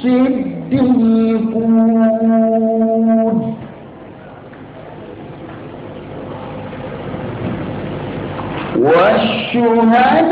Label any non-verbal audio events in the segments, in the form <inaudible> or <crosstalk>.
الصديقون والشهداء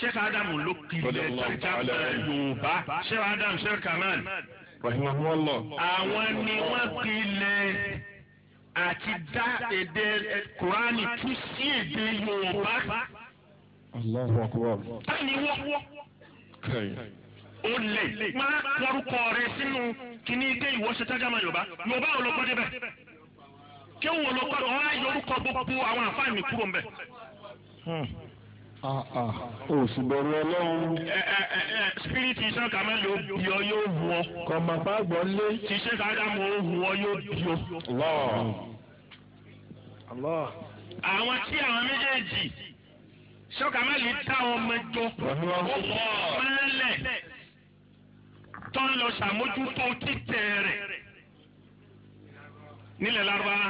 sheikh Adam ló kiri ẹ̀ka yorùbá sheikh adamu sheikh kamal. rahimahullah. àwọn ni wọ́n pilẹ̀ àti dá èdè kurani tú sí èdè yorùbá. Allahu akbar. báyìí wọ́n ó lè má kọrúkọ rẹ sínú kíní dé ìwọ́sẹ̀ tájàmá yorùbá yorùbá ò lọ gbọ́ débẹ̀ kí wọ́n lọ gbọ́ ọ̀rá yorùkọ gbogbo àwọn àfáàní kúrò ń bẹ̀. Hmm o sì bẹ̀rù ọlọ́run. spiriti iṣẹ́ kan máa bí ọ yóò wù ọ. kọ̀mọ̀ bá gbọ́ lé. ti iṣẹ́ kan dá mọ́ òhun ọ yóò bí ọ. àwọn tí àwọn méjèèjì sọ́kà máa lè dá ọmọ jọ tó ń lọ ṣàmójútó títẹ̀ rẹ̀ nílẹ̀ Lárúbáwá.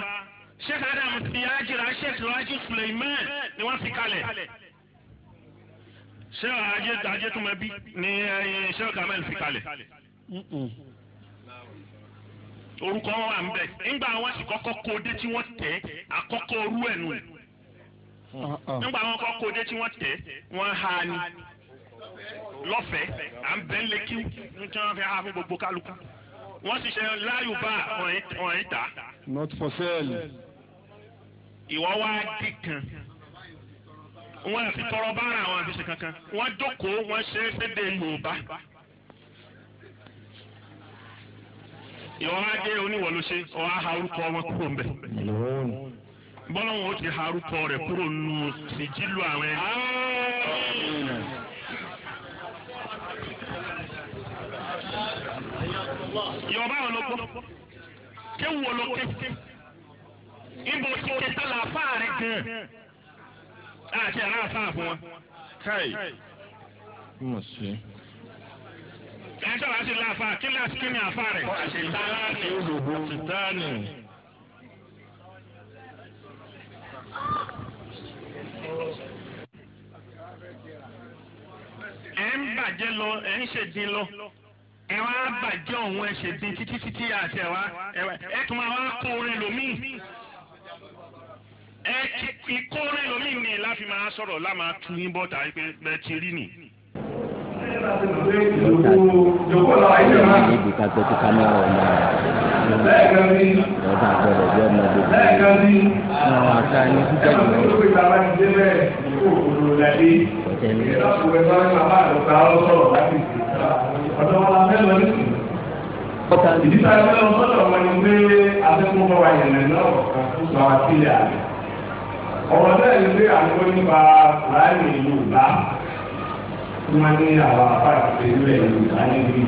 Sheikh ti Ajira Sheikh Raji Suleiman ni wọ́n fi kalẹ̀ ṣé ajé ajé tó máa bí ni ṣé eh, kamel fi kalẹ̀ orúkọ wọn wà nbẹ nígbà wọn sì kọ́kọ́ kóde tí wọn tẹ àkọ́kọ́ orú ẹ nù uh-uh. nígbà wọn kọ́kọ́ kóde tí wọn tẹ wọn hà ní lọ́fẹ̀ẹ́ à ń bẹ ń ní tí wọn fi hà fún gbogbo kálukú wọn sì ṣe láyò bá wọn yìí ta. not for sale. ìwọ wá dì kan. wọn fi tọrọ bára àwọn àfi ṣe kankan wọn jókòó wọn ṣe é sédè Yorùbá. ìwọ́n á dé oníwọ̀ ṣe ha orúkọ wọn kúrò ń bọ́lá wọn ti ha orúkọ rẹ̀ kúrò nù síjílù àwọn ẹni. Yorùbá wọn ló gbọ́ kéwu wọn ló àti ẹ̀rọ àfáà fún wọn. káì. mo ṣe. ẹjọ́ bá ti la àfáà kí ni àti kí ni àfáà rẹ̀. àṣetánì ni olùgbò àṣetánì. ẹ ń bàjẹ́ lọ ẹ ń ṣèdín lọ ẹ wá bàjẹ́ òun ẹ ṣèdín títí títí àti ẹ wá ẹ tún wá kún orin lòmíì ẹ ìkórè lomi ni láfi máa sọ̀rọ̀ lá máa tu yín bọ́ta pé bẹ́ẹ̀ ti rí nì. níbi ká gbé kí kámẹ́rà ọ̀nà rẹ̀ lọ́dà gbọ́dọ̀ bí ọmọ gbogbo rẹ̀ náà Ìdí tá a fẹ́ sọ́dọ̀ wọn ni pé afẹ́kùn bá wa yẹn lẹ́nu ọ̀kan tó sọ àti ilé àgbẹ̀ ọ̀rọ̀ náà ní pé àgbo nípa kùránì yorùbá tí wọ́n ní àwọn àpáàtì pẹ̀lú ẹ̀ yorùbá níbi.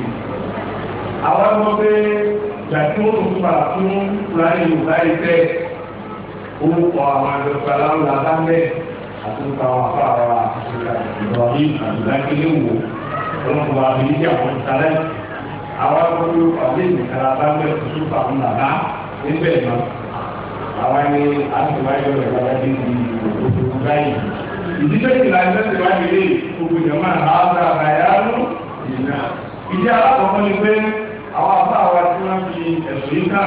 àwọn ọmọ pé ìgbà tí wọ́n tún fà fún kùránì yorùbá yìí tẹ́ orúkọ àwọn àjọpọ̀ aláwọ̀ lábẹ́ àti nípa àwọn àpáàtì ìrọ̀ yìí àdúrà kílé wò ọlọ́mọba àbíyí àwọn ìsàlẹ̀ àwọn akọ́lù ọ̀gbìn ìkàlà lábẹ́ òṣùpá ńlá níbẹ̀ náà àwọn ẹni àtìwájú rẹ̀ bá wájú di òkú báyìí. ìdílé ìlà ìtẹ̀síwájú lè gbogbo ìjọba àwọn àbáyáwó ìlà. ìdí alákọ̀ọ́kọ́ ni pé àwọn afá wa tí wọ́n fi ẹ̀sùn yìí kà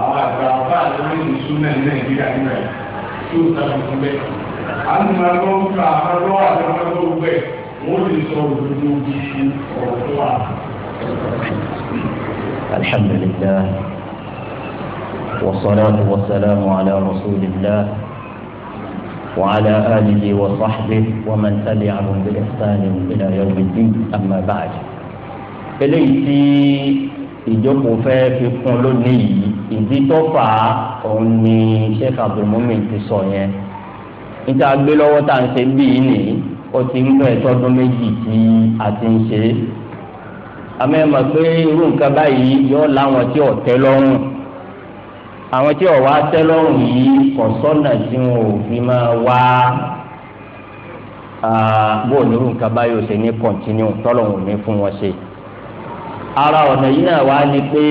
àwọn àgbà afá àti wọ́n ti sún náà ní nàìjíríà nígbà yìí tí ó ta tuntun bẹ́ẹ̀. a ní ma lọ àwọn lọ́wọ́ àti wọ́n lè والصلاة والسلام على رسول الله وعلى آله وصحبه ومن تبعهم بإحسان إلى يوم الدين أما بعد eléyìí tí ìjókòó fẹ́ fi kún lónìí yìí ìdí tó fà á òun ni Sheikh Abdulmumin ti sọ yẹn níta gbé lọ́wọ́ tá à ń ṣe bíi nì ó ti ń pẹ́ tọ́dún méjì tí a ti ń ṣe é àmọ́ ẹ mọ̀ pé irú nǹkan báyìí yọ láwọn tí ò tẹ́ lọ́rùn àwọn tí ọ̀wá tẹ́lọ́rùn yìí kò sọ́nà tí wọn ò fi máa wá bó onírú nǹkan báyìí ṣe ní kọ̀ntínú tọ́lọ̀hún ní fún wọn ṣe. ara ọ̀nà yìí náà wá ní pé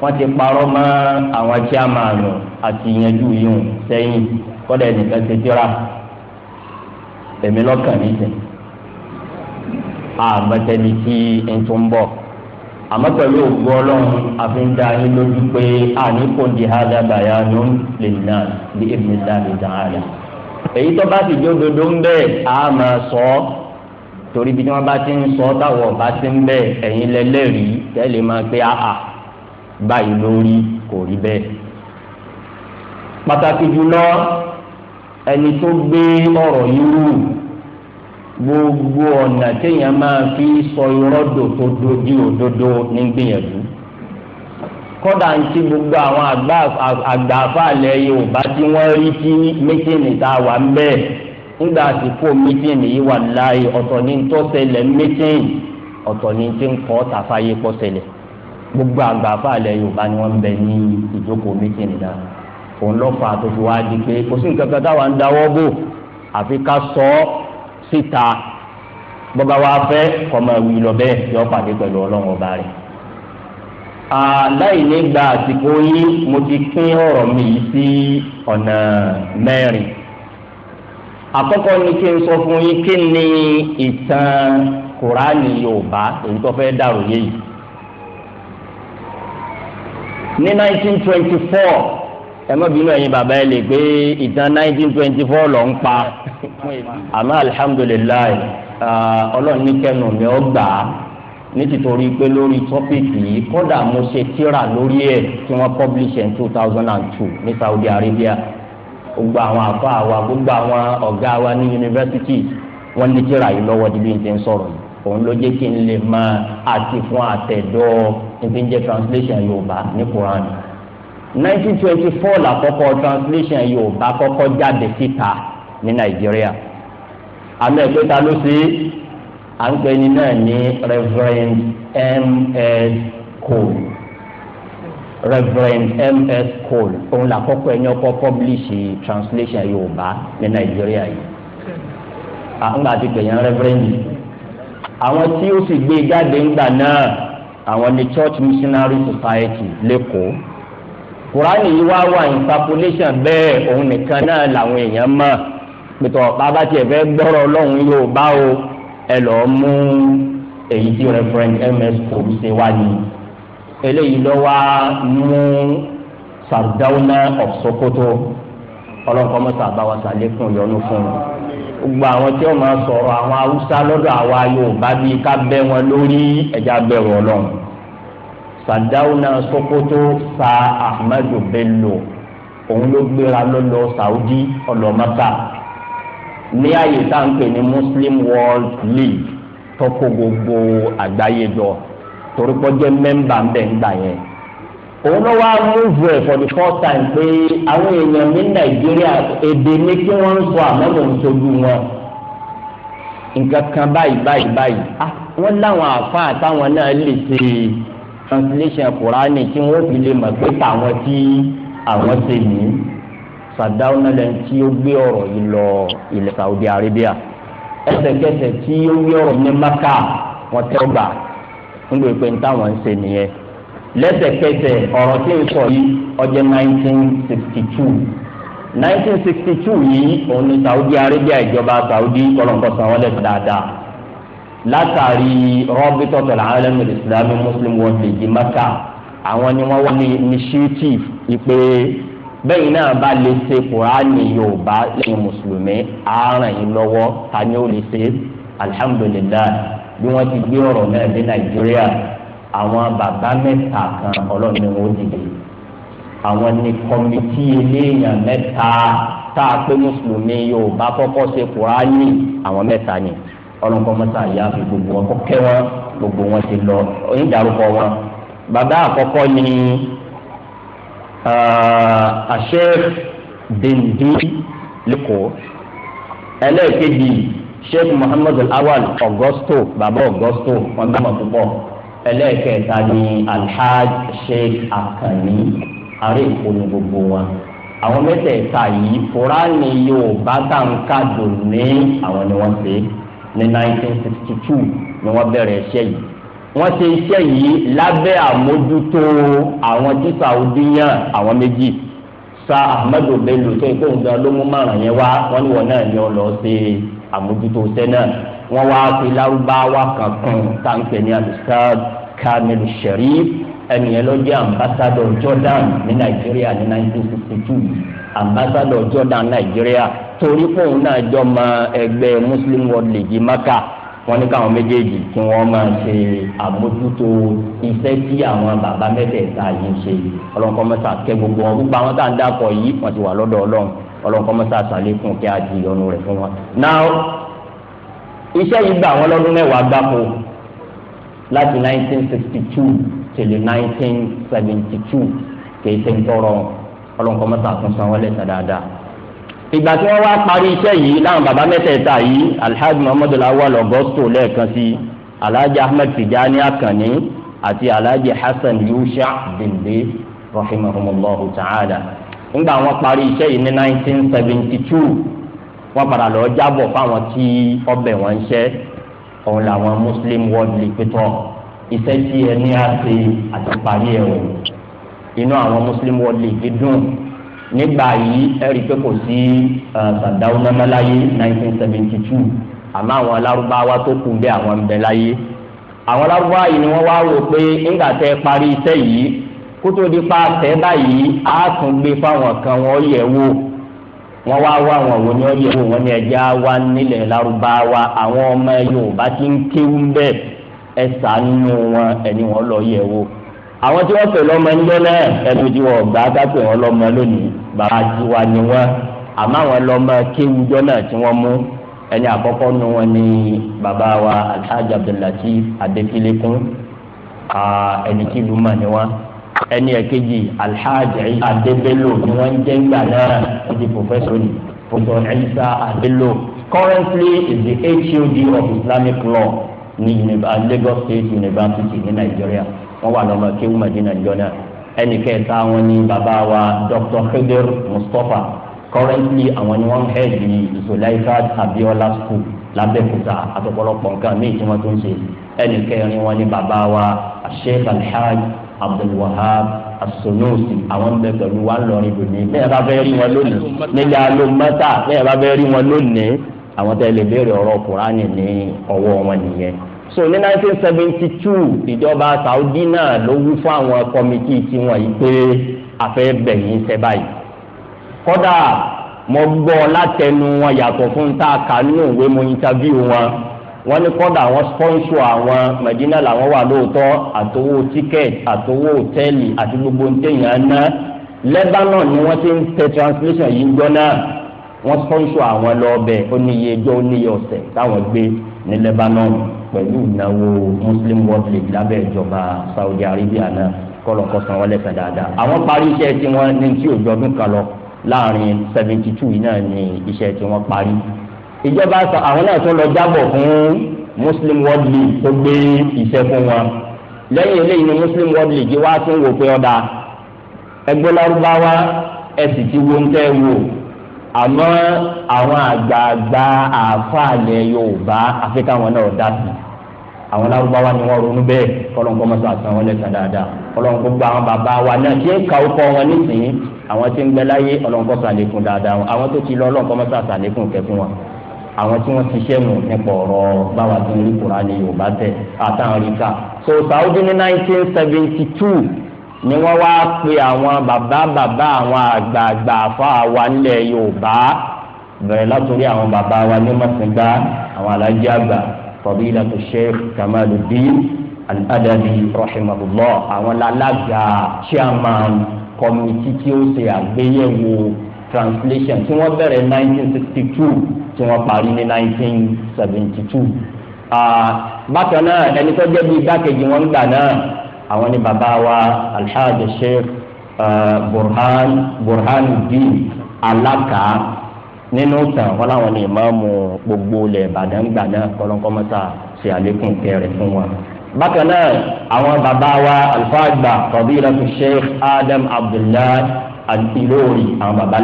wọ́n ti parọ́ mọ́ àwọn tí a máa nù àti ìyẹnjú yìí sẹ́yìn kọ́dà ẹnìkan ti dira èmi lọ́kàn nísìn àmọ́tẹ́ni tí ń tún bọ̀ àmọ́ pẹ̀lú ògbó ọlọ́run àfihàn yín lójú pé àníkò di àdàbà ya ló ń lè nà bí èmi láàbì tàn án rẹ̀. èyí tó bá ti jó dodo ń bẹ́ẹ̀ á máa sọ ọ́ torí bí wọ́n bá ti ń sọ ọ́ táwọn ọba ti ń bẹ́ẹ̀ ẹ̀yin lẹ́lẹ́rìí tẹ́lẹ̀ máa pé àà báyìí lórí kò rí bẹ́ẹ̀. pàtàkì jùlọ ẹni tó gbé ọ̀rọ̀ yìí rú gbogbo ọ̀nà téèyàn máa fi sọ irọ́ dòtò dojú òdodo n'ígbè kọ́dà ń ti gbogbo àwọn àgbààfà ilẹ̀ Yorùbá tí wọ́n rí kí mítìnì tá wà ń bẹ̀ nígbà tí kò wà láàyè ọ̀tọ̀ ni mítìnì ọ̀tọ̀ pọ̀ gbogbo ni wọ́n ń bẹ ní ìjókòó mítìnì náà òun lọ́fà tó fi wá di pé kò sí nǹkan kan táwa síta bọba wa fẹ kọma ìwì lọ bẹ́ẹ̀ yọ pàdé pẹ̀lú ọlọ́run ọba rẹ̀. aláìní gba àsìkò yín mo ti pín ọ̀rọ̀ mi yìí sí ọ̀nà mẹ́rin. àkọ́kọ́ ni kí n sọ fún yín kí ni ìtàn kùránì yorùbá èyí tó fẹ́ dàrú yé yìí. ní 1924 ẹ má bínú ẹ̀yin bàbá ẹ lè gbé ìtàn nineteen twenty four lọ ń pa àmọ́ alihamudulilayi ọlọ́run ní kẹnu mi ọ gbà á ní tìtorí pé lórí tọ́pìkì yìí kọ́dà mo ṣe tíra lórí ẹ̀ tí wọ́n publish in 2002. thousand and two ní Saudi Arabia gbogbo àwọn àfa àwa gbogbo àwọn ọ̀gá wa ní yunifásitì wọ́n ní tíra yìí lọ́wọ́ di bí n ti ń sọ̀rọ̀ yìí òun ló jẹ́ kí n lè máa àti fún àtẹ̀dọ́ ní ti ń jẹ́ translation Yorùbá ní Quran nineteen twenty four làkọ́kọ́ translation yorùbá kọ́kọ́ jáde síta ní nàìjíríà àmì ẹ̀pẹ́ta ló ṣe à ń pè ní náà ní reverend ms cole reverend ms cole òun làkọ́kọ́ ẹni ọkọ́ publish translation yorùbá ní nàìjíríà yìí à ń gbà ti pè reverend àwọn tí ó sì gbé jáde ńgbà náà àwọn ní church missionary society lẹ́kọ̀ọ́ kùránì yìí wá wà interpolation bẹ́ẹ̀ òun nìkan náà làwọn èèyàn mọ̀ pẹ̀tọ̀ bàbá tiẹ̀ fẹ́ gbọ́rọ̀ ọlọ́run yóò bá o ẹ lọ́ọ́ mú èyí tí referent ms kòm ṣe wá ní eléyìí lọ́ wá mú Sardauna of Sokoto ọlọ́nkọ́ mọ́tò àbáwá sàlékún yọnu fún un gbogbo àwọn tí wọn máa sọ̀rọ̀ àwọn haúsá lọ́dọ̀ àwa yorùbá bíi ká bẹ́ wọn lórí ẹ̀já bẹ̀rù ọlọ́run Sardauna Sokoto sa Ahmadu Bello òun ló gbéra lọ́lọ́ Saudi ọlọ́mọ́ta ní àyè tá à ń pè ní Muslim World League tó kó gbogbo àgbáyé jọ torí pé ó jẹ́ mẹ́mbà ń bẹ̀ gbà yẹn òun ló wá múvù ẹ̀ for the first time pé àwọn èèyàn ní Nàìjíríà èdè ní kí wọ́n ń sọ àmọ́ ló ń sojú wọn nǹkan kan báyìí báyìí báyìí ah, wọ́n láwọn àfáà táwọn náà lè ṣe é translation Kùránì tí wọ́n fi lè mọ̀ pé tàwọn tí àwọn ṣe nìyí sàdáwọn lẹ́nu tí ó gbé ọ̀rọ̀ yìí lọ ilẹ̀ Saudi Arabia ẹsẹ̀kẹsẹ̀ tí ó gbé ọ̀rọ̀ ní Maka wọ́n tẹ́ ọgbà fún gbèpè ní táwọn ń ṣe nìyẹn lẹ́sẹ̀kẹsẹ̀ ọ̀rọ̀ tí ń sọ yìí ọjọ́ 1962 1962 yìí òun ni Saudi Arabia ìjọba Saudi kọlọ̀ńkọ̀sán wọlé dáadáa látàrí rọ́bítọ́tọ̀ làálẹ́mù ìsìlámù muslim world league maka àwọn ni wọ́n wá ní initiative ìpè bẹ́ẹ̀ náà bá lè ṣe kùránì yorùbá lẹ́yìn mùsùlùmí àárẹ̀ yìí lọ́wọ́ ta ni ó lè ṣe alihamudulilayi bí wọ́n ti gbé ọ̀rọ̀ náà dé nàìjíríà àwọn bàbá mẹ́ta kan ọlọ́run ni wọ́n dìde àwọn ní kọ́mítì eléyàn mẹ́ta tá a pé mùsùlùmí yorùbá kọ́kọ́ ṣe kùránì àwọn mẹ́ta ni ọlọ́nkọ́ mọ́tà yá fi gbogbo wọn kọ́ kẹ́ wọn gbogbo wọn ti lọ oyin dárúkọ wọn. bàbá àkọ́kọ́ ni Sheikh Dindi lẹ́kọ̀ọ́ ẹlẹ́ẹ̀kejì Sheikh Muhammad Awal Augusto bàbá Augusto wọn gbà wọn púpọ̀ ẹlẹ́ẹ̀kẹta ni Alhaj Sheikh Akani àárẹ̀ ìkóni gbogbo wọn àwọn mẹ́tẹ̀ẹ̀ta yìí Kùránì Yorùbá tá n ká dùn ní àwọn ni wọ́n ṣe ní 1962 ni wọ́n bẹ̀rẹ̀ iṣẹ́ yìí wọ́n ṣe iṣẹ́ yìí lábẹ́ àmójútó àwọn tí Saudi àwọn méjì sa Ahmadu Bello tó ikú nǹkan ló mú márùn yẹn wá wọ́n ní wọn náà ni wọ́n lọ ṣe àmójútó iṣẹ́ náà wọ́n wá fi lárúbáwá kan kan táǹkì ní alustad Kamil Sharif ẹni yẹn ló jẹ́ ambassador Jordan ní Nàìjíríà ní 1962 ambassador Jordan Nàìjíríà torí fóun náà jọ ma ẹgbẹ́ muslim world league maka wọ́n ní káwọn méjèèjì kí wọ́n máa ṣe àbójútó iṣẹ́ tí àwọn bàbá mẹ́tẹ̀ẹ̀ta yìí ń ṣe ọlọ́nkọ́ mẹ́ta kẹ́ gbogbo wọn gbogbo àwọn tá à ń dàpọ̀ yìí wọ́n ti wà lọ́dọ̀ ọlọ́run ọlọ́nkọ́ mẹ́ta sàlékún kí á di ìyọnu rẹ̀ fún wọn. now iṣẹ́ yìí gbà wọ́n lọ́dún mẹ́wàá gbáko láti 1962 tẹ̀lé 1972 kì í ṣe ń tọrọ ọlọ́nkọ́ mẹ́ta tún san wọlé sàdáadáa ìgbà tí wọ́n wá parí iṣẹ́ yìí láwọn bàbá mẹ́tẹ̀ẹ̀ta yìí alhaji muhammadu lawal augusto lẹ́ẹ̀kan sí alhaji ahmed tijani akànni àti alhaji hasan yusha dèndé rahimahumullahu ta'ala ńgbà wọ́n parí iṣẹ́ yìí ní 1972 wọ́n padà lọ jábọ̀ fáwọn tí ọbẹ̀ wọn ń ṣẹ́ òun làwọn muslim world league pẹ̀tọ́ iṣẹ́ tí ẹni á ṣe àti parí ẹ̀ wọ̀ inú àwọn muslim world league dùn nígbà yìí ẹ̀rí pé kò sí sàdáwó mẹ́mẹ́láyé nineteen seventy two àmọ́ àwọn alárúbáwá tó kù bẹ́ẹ̀ àwọn ń bẹ láyé àwọn alárúbáwá yìí ni wọ́n wá rò pé nígbà tẹ́ parí iṣẹ́ yìí kótó di pa tẹ́ báyìí á tún gbé fáwọn kan wọ́n yẹ̀ wò wọ́n wá wá àwọn òwò ni wọ́n yẹ̀ wò wọ́n ní ẹja wá nílẹ̀ lárúbáwá àwọn ọmọ Yorùbá ti ń kéwú bẹ́ẹ̀ ẹ ṣàánú wọn ẹni wọ́n lọ yẹ̀ wò àwọn tí wọ́n pè lọ́mọ ẹnjọ́ náà ẹnu tí wọ́n gbà ká pè wọ́n lọ́mọ lónìí bàbá tiwa ni wọ́n àmọ́ àwọn lọ́mọ kéwùjọ́ náà tí wọ́n mú ẹni àkọ́kọ́ nu wọn ni bàbá wa alhaji abdullatif adékílékún ẹni tí ìlú mà ni wọ́n ẹni ẹ̀kejì alhaji adébélò ni wọ́n ń jẹ́ ńgbà náà ó di professor. ni pòfẹ́sọ̀ ẹ̀yíṣà adélò currently is the HOD of Islamic law ní Lagos State University ní Nigeria wọn wà lọ́mọ kéwù Madina jọ náà ẹnì kẹta wọn ni bàbá wa Dr. Khidir Mustapha currently àwọn ni wọ́n head ní Zulaika Abiola school labẹ́kúta àtọ̀pọ̀lọpọ̀ nǹkan míì tí wọ́n tún ṣe ẹnì kẹrin wọn ni bàbá wa Sheikh Alhaj Abdulwahab asonosi àwọn bẹ pẹ̀lú wa lọrin lónìí bẹ́ẹ̀ bá fẹ́ rí wọn lónìí nílẹ̀ alómọ́tà bẹ́ẹ̀ bá fẹ́ rí wọn lónìí àwọn tẹ́ lè béèrè ọ̀rọ̀ kùránì ní ọwọ́ wọn nìyẹn so ní 1972, seventy two ìjọba Saudi náà ló wú fún àwọn kọmitì tiwọn yìí pé àfẹ́ bẹ̀yìn iṣẹ́ báyìí kódà mo gbọ́ látẹnu wọn yàtọ̀ fún tá a kà nínú ìwé mo interview wọn wọn ní kódà wọn sponsor àwọn Medina làwọn wà lóòótọ́ àtowó ticket àtowó hòtẹ́ẹ̀lì àti gbogbo ntẹ̀yìn àná Lebanon ni wọ́n ti ń tẹ translation yìí gbọ́ náà wọ́n sponsor àwọn lọ́ọ́bẹ̀ ó níye ẹjọ́ ọ̀sẹ̀ táwọn gbé ní Lebanon pẹ̀lú ìnáwó muslim world league lábẹ́ ìjọba saudi arabia náà kọlọ̀kọ̀ san wọlé sàn dáadáa. àwọn parí iṣẹ́ tí wọ́n ní tí òjò ọdún kan lọ láàrin seventy two yìí náà ni iṣẹ́ tí wọ́n parí. ìjọba àwọn náà tún lọ jábọ̀ fún muslim world league tó gbé iṣẹ́ fún wọn. lẹ́yìn eléyìí ni muslim world league wá tún wò pé ọ̀dà ẹgbẹ́ lárúbáwá ẹ sì ti wo ń tẹ́ wò àmọ́ àwọn àgbààgbà àfààlẹ̀ yorùbá afẹ́ká wọn náà dá sí àwọn lárúbáwá ni wọ́n ronú bẹ́ẹ̀ kọ́lọ́nkọ́ mọ́tò àtàwọn ọlẹ́sà dáadáa kọ́lọ́nkọ́ gba àwọn bàbá wa náà ṣé ka ó kọ́ wọn nísìnyí àwọn tí ń bẹ láyé ọlọ́nkọ́ sàlékún dáadáa wọn àwọn tó ti lọ ọlọ́nkọ́ mọ́tò àtàlékún kẹfún wọn àwọn tí wọ́n ṣiṣẹ́ nù nípa ọ̀rọ̀ báwa tó ń rí kura ní yorùbá tẹ̀ àtàwọn rí ká so Saudi ní nineteen seventy two ni wọ́n wá pe àwọn bàbá bàbá àwọn àgbààgbà àfa wa nílẹ̀ Yorùbá bẹ̀rẹ̀ látòrí àwọn bàbá wa ní mọ̀sángbá àwọn alájí àgbà fadilatu Sheikh Kamaluddin Al-Adabi rahimahullah àwọn alága chairman kọ́mítì tí ó ṣe àgbéyẹ̀wò translation tí wọ́n bẹ̀rẹ̀ 1962 tí wọ́n parí ní 1972. Ah, bákan náà ẹni tó jẹ́ bí igbákejì wọn gbà náà àwọn ni bàbá wa alhaji sheikh uh, burhan burhanuddin alaka nínú tàn wọn làwọn ni ìmáàmù gbogbo ilẹ̀ ìbàdàn gbà náà kọlọ́nkọ́mọ́sá ṣe àlékún kẹrẹ fún wa bákan náà àwọn bàbá wa alfaagba fadilatu sheikh adam abdullahi al-ilori àwọn bàbá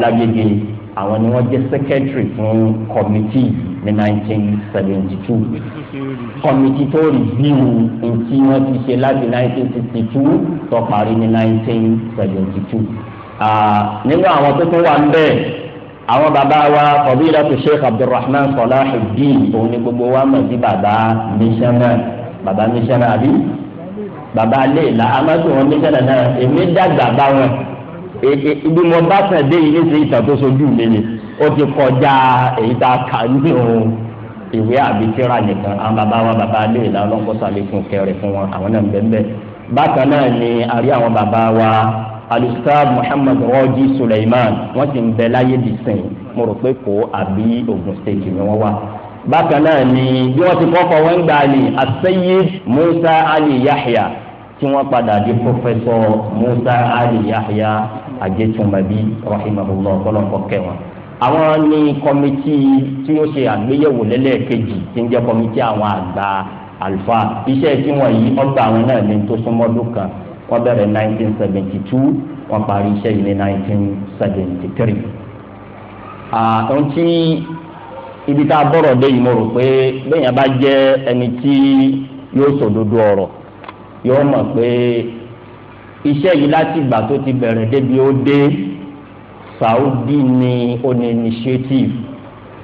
àwọn ni wọ́n jẹ́ secretary fún committee ní nineteen seventy two kọ́mítì tó rìvíw ntí wọ́n ti ṣe láti nineteen sixty two tó parí ní nineteen nínú àwọn tó tún wà ń bẹ́ẹ̀ àwọn bàbá wa fadilatu sheikh abdulrahman salahuddin òun ni gbogbo wa mọ̀ sí bàbá mísánná bàbá mísánná àbí bàbá léèlà amadu wọn mísánná náà èmi dàgbà bá wọn ibi bá sàn yìí ní sèyí tàbí sojú mi ni ó ti kọjá èyí tá a kà ní òun ìwé àbítíra nìkan àwọn bàbá wa bàbá alẹ́ ìlà ọlọ́kọ́sọ àlékún kẹrẹ fún wọn àwọn náà ń bẹ́ẹ̀ bẹ́ẹ̀ bákan náà ni àrí àwọn bàbá wa alustad muhammad rọjí suleiman wọn ti ń bẹ láyé di sìn mo rò pé kó àbí ogun stage ni wọn wà bákan náà ni bí wọn ti kọ́kọ́ wọn ń gbà ní asayid musa ali yahya tí wọn padà di professor musa ali yahya ajẹtùmọbí rahimahullah ọlọpọ kẹwọn àwọn ní kọ́mítì tí ó ṣe àgbéyẹ̀wò lẹ́lẹ́ẹ̀kejì tí ń jẹ́ kọ́mítì àwọn àgbà àlùfáà iṣẹ́ tí wọ́n yí ọgbà àwọn náà ní tó súnmọ́ ọdún kan wọ́n bẹ̀rẹ̀ 1972 wọ́n parí iṣẹ́ yìí ní 1973. àwọn tí ibi tá a bọ̀rọ̀ dé yìí mo rò pé bẹ́ẹ̀yàn bá jẹ́ ẹni tí yóò sòdodo ọ̀rọ̀ yóò mọ̀ pé iṣẹ́ yìí láti ìgbà tó ti bẹ̀rẹ̀ débi ó dé. De Saudi ni ó ní initiative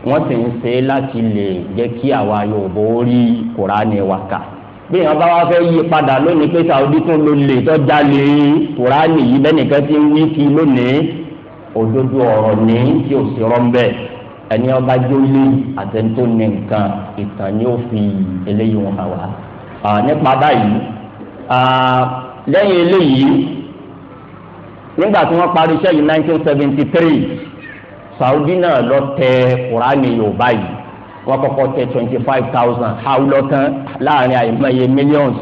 wọ́n sì ń ṣe láti lè jẹ́ kí àwa Yorùbá ó rí kuraani waka bí wọn bá wá fẹ́ yí padà lónìí pé Saudi tún ló lè tọ́jà lè kuraani yìí bẹ́nìkan ti ń wí kí lónìí òdodo ọ̀rọ̀ ní tí ò sí rọ́ńbẹ́ ẹni ọba jólé àtẹnudó ní nǹkan ìtàn ni ó fi eléyìí wọn hàn wá nípa báyìí lẹ́yìn eléyìí nígbà tí wọ́n parí iṣẹ́ yìí nineteen seventy three Saudi náà lọ tẹ Kùránì Yorùbá yìí wọ́n kọ́kọ́ tẹ twenty five thousand haúlọ́ tán láàrin àìmọye millions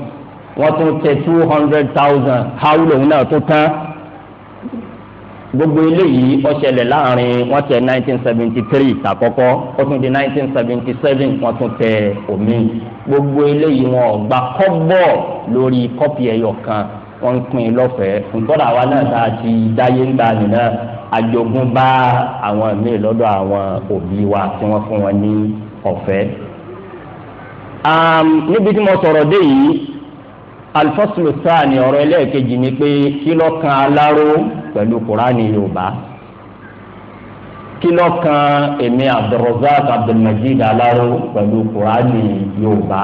wọ́n tún tẹ two hundred thousand haúlọ́ náà tó tán gbogbo eléyìí ó ṣẹlẹ̀ láàrin wọ́n tẹ nineteen seventy three tàkọ́kọ́ ó tún di nineteen seventy seven wọ́n tún tẹ omi gbogbo eléyìí wọn ò kọ́bọ̀ lórí kọ́pì ẹyọ kan wọ́n ń pín in lọ́fẹ̀ẹ́ nǹkan àwa náà tá a ti dáyé ńgbà nìyẹn àjogún bá àwọn míì lọ́dọ̀ àwọn òbí wa tí wọ́n fún wọn ní ọ̀fẹ́. níbi tí mo sọ̀rọ̀ dé yìí alifasulu ni ọ̀rọ̀ ẹlẹ́ẹ̀kejì ni pé kí kan aláró pẹ̀lú kuraani yorùbá kí kan èmi abdulrozak abdulmajid aláró pẹ̀lú kuraani yorùbá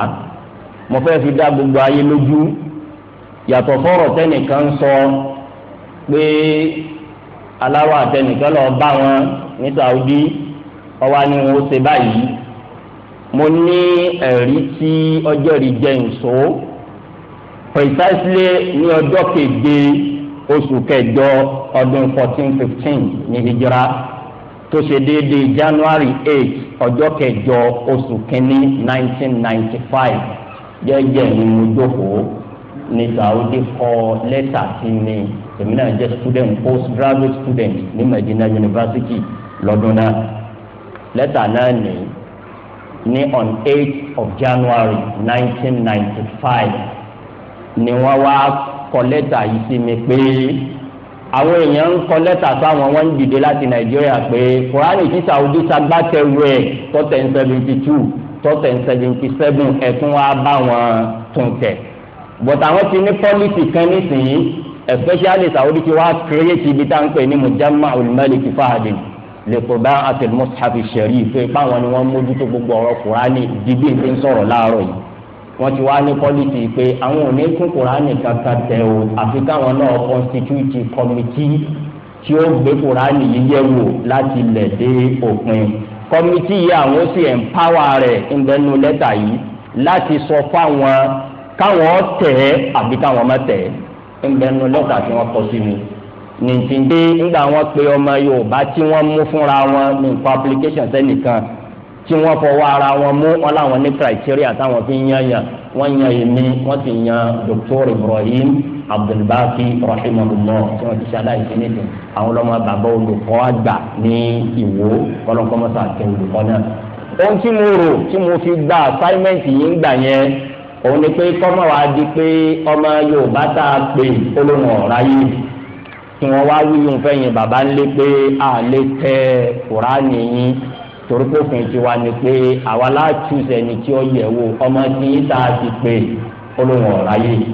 mo fẹ́ fi dá gbogbo ayé lójú yàtọ̀ fọ́rọ̀ tẹnìkan sọ pé aláwọ̀ àtẹnìkan lọ bá wọn ní Saudi ọwọ́ ni wọ́n ṣe báyìí mo ní ẹ̀rí tí ọjọ́ rí jẹ́ ìṣó precisely ní ọjọ́ keje oṣù kẹjọ ọdún fourteen fifteen ní hijira tó ṣe déédéé January eight ọjọ́ kẹjọ oṣù kínní nineteen ninety five jẹ́jẹ́ ni mo jókòó ní Saudi kọ lẹ́tà sí mi èmi náà jẹ́ student postgraduate student ní Medina University lọ́dún náà lẹ́tà náà ní ní on eight of January nineteen ninety five ni wọ́n wá kọ lẹ́tà yìí sí mi pé àwọn èèyàn ń kọ lẹ́tà fáwọn wọn ń dìde láti Nàìjíríà pé Kùránì tí Saudi sagbátẹrù ẹ̀ tọ́tẹ̀ seventy two tọ́tẹ̀ seventy seven ẹ̀tún wá bá wọn tún tẹ̀ but àwọn ti ní pọ́lìsì kan nísìnyí especially Saudi ti wá kírẹ́tì ibi tá à ń pè ní mujamma olùmọ́lìkì fáadì lẹ́kọ̀ọ́bá àtẹ̀lẹ́ mọ́sáfì sẹ̀rí pé báwọn ni wọ́n mójútó gbogbo ọ̀rọ̀ kùránì dìbì ti ń sọ̀rọ̀ láàárọ̀ yìí wọ́n ti wá ní pọ́lìsì pé àwọn ò ní kún kùránì kankan tẹ̀ o àfi káwọn náà constitute committee tí ó gbé kùránì yìí yẹ̀ wò láti lẹ̀ dé òpin committee yìí àwọn ó sì empower rẹ̀ ń bẹ́nu lẹ́tà yìí láti sọ fáwọn káwọn tẹ̀ ẹ́ àbí káwọn má tẹ̀ ẹ́ ńbẹ́nu lẹ́tà tí wọ́n kọ sí mi nìtìndé ńgbà wọn pe ọmọ Yorùbá tí wọ́n mú fúnra wọn ní nǹkan application sẹ́nìkan tí wọ́n fọwọ́ ara wọn mú wọn láwọn ní criteria táwọn fi ń yan yàn wọ́n yan èmi wọ́n sì yan Dr. Ibrahim Abdulbaki rahimahullah tí wọ́n ti ṣàlàyé sí nìkan àwọn ọlọ́mọ bàbá olùkọ́ àgbà ní Ìwó kọ́lọ́kọ́mọ́sá àti olùkọ́ náà ohun tí mo rò tí mo fi gba assignment yìí ń gbà yẹn òun ni pé kọ́mọ̀ wá di pé ọmọ Yorùbá tá a pè olóhùn ọ̀rá yìí kí wọ́n wá wí yóò fẹ́ yẹn bàbá ń lé pé a lè tẹ Kùránì yín torí pé òfin tiwa ni pé àwa láàtúnṣe ẹni tí ó yẹ wo ọmọ tí tá a ti pè olóhùn ọ̀rá yìí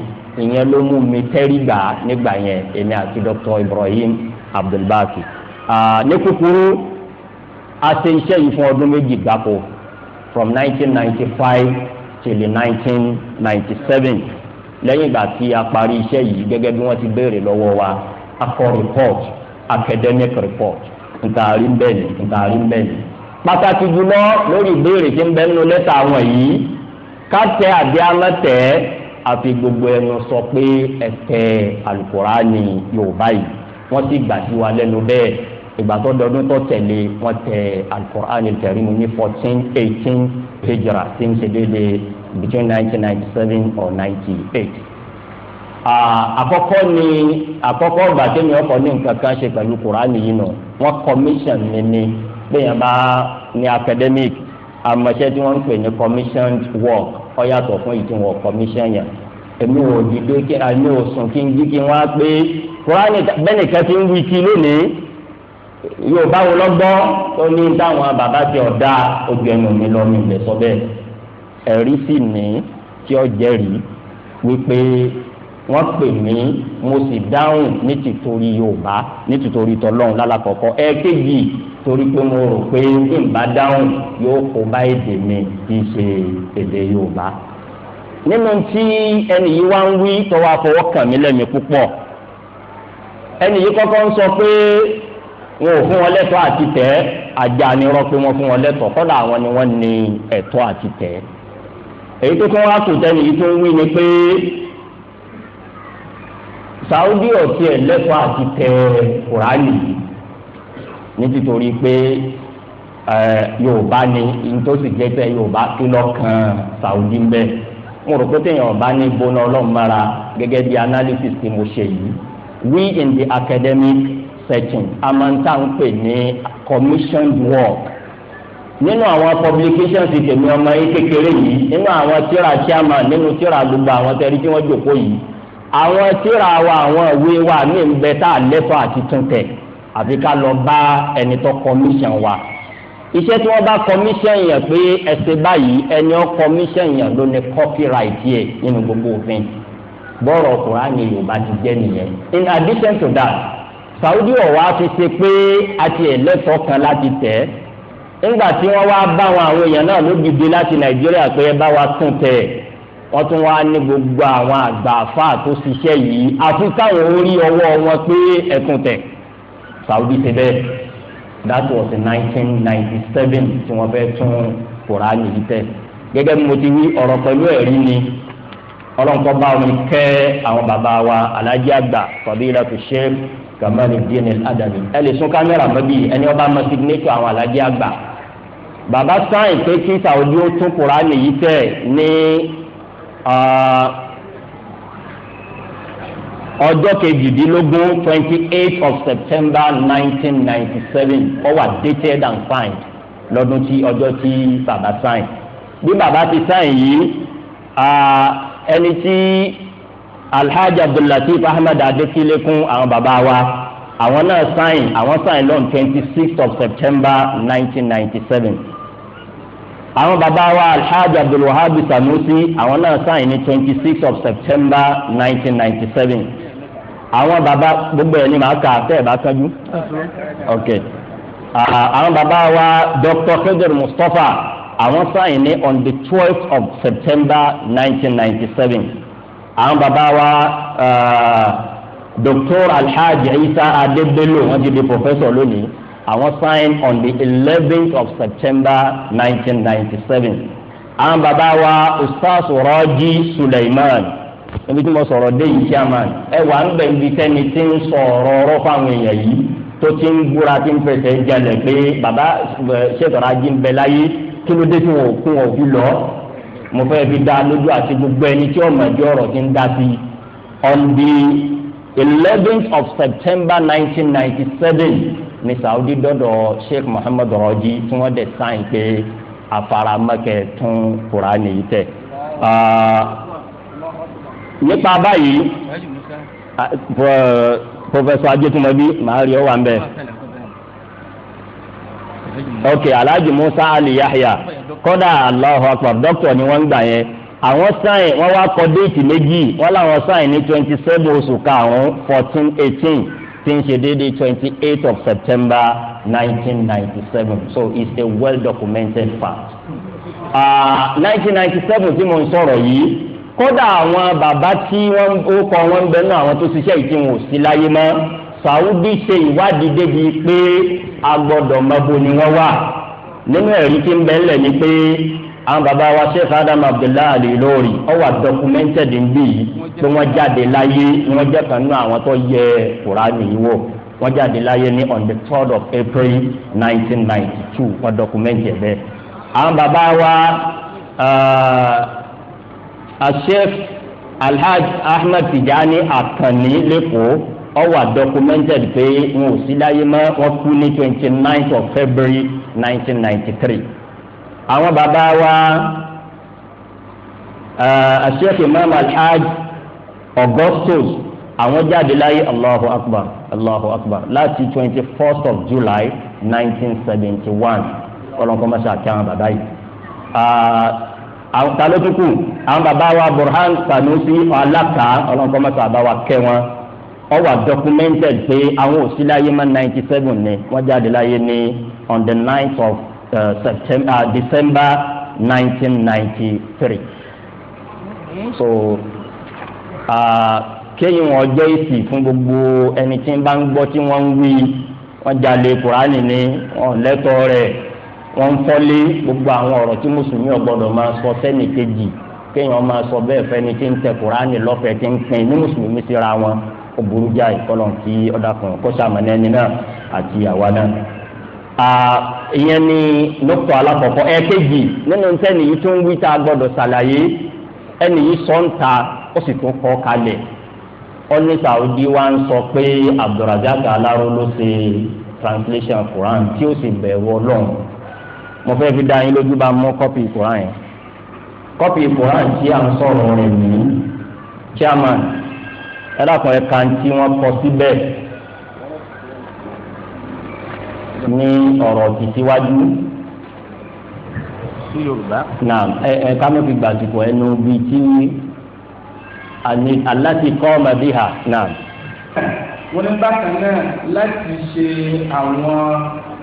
ìyẹn ló mú mi tẹ́rìgbà nígbà yẹn èmi àti Dr. Ibrahim Abdulbaki ní kúkúrú a ṣe iṣẹ́ yìí fún ọdún méjì gbáko from 1995 till nineteen ninety seven lẹ́yìn ìgbà tí a parí iṣẹ́ yìí gẹ́gẹ́ bí wọ́n ti béèrè lọ́wọ́ wa a report academic report ntaari mbẹ́ni ntaari mbẹ́ni pàtàkì jùlọ lórí ìbéèrè tí ń bẹ nínú lẹ́tà àwọn yìí ká tẹ àbí amẹ́tẹ́ àfi gbogbo ẹnu sọ pé ẹ̀tẹ́ alukurani yorùbá yìí wọ́n ti gbà sí wa lẹ́nu bẹ́ẹ̀ ìgbà tó dọdún tó tẹ̀lé wọn tẹ alukur'an al-karim ní fourteen eighteen hijra tí ń ṣe déédéé between nineteen ninety seven or ninety eight. àkọ́kọ́ ni àkọ́kọ́ ọgbà tẹ́mi ọkọ̀ ní nǹkan kan ṣe pẹ̀lú kur'an yìí nù wọ́n commission mi ni bẹ́ẹ̀ bá ní academic àmọ̀ṣẹ́ tí wọ́n ń pè ní commissioned work ó yàtọ̀ fún ìdíwọ̀ commission yẹn èmi ò dìde kí àmì òsùn kí n jí kí n wá pé kur'an bẹ́ẹ̀ nìkan ti ń wí kí lónìí yorùbá wo lọ́gbọ́ tó ní táwọn bàbá ti ọ̀dà ojú ẹnu mi lọ mi lè sọ bẹ́ẹ̀ ẹ̀rí sì ní tí ó jẹ́rìí wípé wọ́n pè mí mo sì dáhùn ní tìtorí yorùbá ní tìtorí tọlọ́run lálàkọ́kọ́ ẹ kéjì torí pé mo rò pé ìgbà dáhùn yóò kó bá èdè mi kì í ṣe èdè yorùbá nínú tí ẹnì yìí wá ń wí tọwọ́ àfọwọ́kàn mi lẹ́mìí púpọ̀ ẹnì yìí kọ́kọ́ ń sọ pé wọn ò fún wọn lẹ́tọ̀ọ́ àti tẹ̀ ajá ni irọ́ pé wọ́n fún wọn lẹ́tọ̀ọ́ kọ́lá àwọn ni wọ́n ní ẹ̀tọ́ àti tẹ̀ èyí tó tún wá tó tẹ́ni yìí tó ń wí ni pé Saudi ọ̀tí ẹ̀ lẹ́tọ̀ọ́ àti tẹ̀ Kùránì yìí ní títorí pé Yorùbá ni nítòsí jẹ́ pé Yorùbá kí lọ́kàn Saudi ń bẹ́ẹ̀ mo rò pé téèyàn ọba ní gbóná ọlọ́run gẹ́gẹ́ bí analysis tí mo ṣe yìí we in the academic setting a máa ń tà ń pè ní commissioned work nínú àwọn publications ti tèmi ọmọ yìí kékeré yìí nínú àwọn tíra chairman nínú tíra gbogbo àwọn tẹ̀rí tí wọ́n jòkó yìí àwọn tíra wa àwọn ìwé wa ní ìbẹ tá a lẹ́tọ̀ àti túntẹ̀ àfi ká lọ bá ẹni tó commission wa iṣẹ́ tí wọ́n bá commission yẹn pé ẹsẹ̀ báyìí ẹni ó commission yẹn ló ní copyright yẹ nínú gbogbo òfin bọ́ọ̀rọ̀ ọkùnrin àni Yorùbá ti jẹ́ nìyẹn in addition to that. Saudi ọ̀wá fi ṣe pé àti ẹ̀lẹ́tọ̀ọ́ kan láti tẹ̀ ẹ́ nígbà tí wọ́n wá bá àwọn àwọn èèyàn náà ló dìde láti Nàìjíríà pé ẹ bá wa tún tẹ̀ ẹ́ wọ́n tún wá ní gbogbo àwọn àgbà àfa tó ṣiṣẹ́ yìí àfi káwọn orí ọwọ́ wọn pé ẹ̀tún tẹ̀ Saudi ṣe bẹ́ẹ̀ that was in nineteen ninety seven tí wọ́n fẹ́ tún Kùránì yìí tẹ̀ gẹ́gẹ́ bí mo ti wí ọ̀rọ̀ pẹ̀lú ẹ̀rí ni ọlọ́nkọ́ bá mi kẹ́ àwọn bàbá wa alájí àgbà Fadilatu Sheikh kamali diin al-adami ẹ lè sún kámẹ́rà mọ́ bí ẹni ọba ma signature àwọn alájẹ àgbà bàbá sáyìn pé kí sàwọ́dí ó tún kuraani yìí tẹ̀ ní uh, ọjọ́ kejìdínlógún twenty eight of september nineteen ninety seven ó dated and signed lọ́dún tí ọjọ́ tí bàbá sáyìn bí bàbá ti sáyìn yìí uh, ẹni tí alhaji abdullateef ahmed adekunlekun àwọn bàbá wa àwọn náà sáyìn àwọn sáyìn lọ́n twenty six of september nineteen ninety seven àwọn bàbá wa alhaji abdulwahabi sanusi àwọn náà sáyìn ní twenty six of september nineteen ninety seven àwọn bàbá gbogbo ẹ̀ ni màá kà tẹ́ ẹ̀ bá kánjú ok àwọn bàbá wa dr kedr mustapha àwọn sáyìn ní on the twelfth of september nineteen ninety seven àwọn bàbá wa Dr. Alhaji Isa Adebelo wọ́n ti di professor lónìí àwọn sign on the eleventh of September nineteen ninety seven àwọn bàbá wa Ustaz Rọ́jí Suleiman níbi tí mo sọ̀rọ̀ dé yìí chairman ẹ wà ń bẹ̀ ibi tẹ́ni tí ń sọ̀rọ̀ ọ̀rọ̀ fáwọn èèyàn yìí tó ti ń búra tí ń fẹsẹ̀ jalè pé bàbá ṣètò ajé ń bẹ láyé kí ló dé tí wọn ò kún wọn fi lọ mo fẹ́ fi dá lójú àti gbogbo ẹni tí ọmọ ẹjọ́ ọ̀rọ̀ ti ń dá sí on the eleventh of september nineteen ninety seven ní saudi dọ́dọ̀ sheikh muhammad rọ́jí tí wọ́n dẹ̀ sáyìn pé afaramẹ́kẹ́ tún kuraani yìí tẹ̀. Ah, nípa báyìí professor ajetumabi màá rí ọ ok alhaji musa ali yahya kódà Allahu Akbar dókítà ni wọ́n ń gbà yẹn àwọn sáìn wọ́n wá kọ déètì méjì wọ́n làwọn sáìn ní twenty seven oṣù karùn-ún fourteen eighteen tí ń ṣe déédéé twenty eight of September nineteen ninety seven so it's a well documented fact. Ah, nineteen ninety seven tí mo ń sọ̀rọ̀ yìí kódà àwọn bàbá tí wọ́n ó kọ wọ́n ń bẹ àwọn tó ṣiṣẹ́ yìí tí wọn ò sí láyé mọ́ Saudi ṣe ìwádìí débi pé a gbọ́dọ̀ mọ́bo ni wọ́n wà nínú ẹ̀rí tí ń bẹ ńlẹ̀ ni pé àwọn bàbá wa sheikh adam abdullahi al-Ilori ó wà documented níbí yìí pé wọ́n jáde láyé wọ́n jẹ́ kan nínú àwọn tó yẹ kùránì yìí wò wọ́n jáde láyé ní on the third of april nineteen ninety two wọ́n document ẹ̀ bẹ́ẹ̀. àwọn bàbá wa uh, sheikh alhaj ahmed tijani akanni lẹ́kọ̀ọ́ ó wà documented pé wọn ò sí láyé mọ́ wọ́n kú ní twenty nine of february 1993 àwọn bàbá wa Sheikh Imam Alhaj Augustus àwọn jáde láyé Allahu Akbar Allahu Akbar láti 21st of July 1971 kọlọ́nkọ́ máa ṣàkí àwọn bàbá yìí. àwọn tàló tukù àwọn bàbá wa Burhan Sanusi alaka ọlọ́nkọ́ máa ṣàbá wa kẹ́ wọn ọ wà documented pé àwọn òsínláyé máa 97 ni wọ́n jáde láyé ní on the 9th of uh, September, uh, December 1993. So uh, kéyìn wọn jẹ́ èsì fún gbogbo ẹni tí ń bá ń gbọ́ tí wọ́n ń wí wọ́n jalè kùránì ní wọ́n lẹ́tọ̀ọ́ rẹ̀ wọ́n ń fọ́lé gbogbo àwọn ọ̀rọ̀ tí mùsùlùmí ọ̀gbọ́dọ̀ máa sọ sẹ́nì kéèyàn máa sọ bẹ́ẹ̀ fẹ́ni tí ń tẹ kùránì lọ́fẹ̀ẹ́ tí ń pin ní mùsùlùmí síra wọn ó burú jáì kọ́lọ̀ kí ọ̀dà kan kó sàmọ́nẹ́ni náà àti àwa náà ìyẹn ni lókọ̀ alákọ̀ọ́kọ́ ẹ̀ẹ́kejì nínú ntẹ́ni yìí tó ń wí tá a gbọ́dọ̀ ṣàlàyé ẹni yìí sọ ń ta ó sì tún kọ́ kalẹ̀ ọ́ní Saudi wa ń sọ pé Abdulrazak Alaro ló ṣe translation Quran tí ó sì bẹ̀rù ọlọ́run mo fẹ́ fi dá yín lójú bá mọ́ kọ́pì Quran yẹn kọ́pì Quran tí a ń sọ̀rọ̀ rẹ̀ nìyí chairman ẹ dákun ẹ̀ka tí wọ́n kọ síbẹ̀. Si ní ọ̀rọ̀ ti síwájú. sí yorùbá. na ẹ ẹ ká mọ̀ fi gbàdúgbò ẹnu bíi tí aláti kọ́ ọmọ bí ha na. wọ́n ní bákan náà láti ṣe àwọn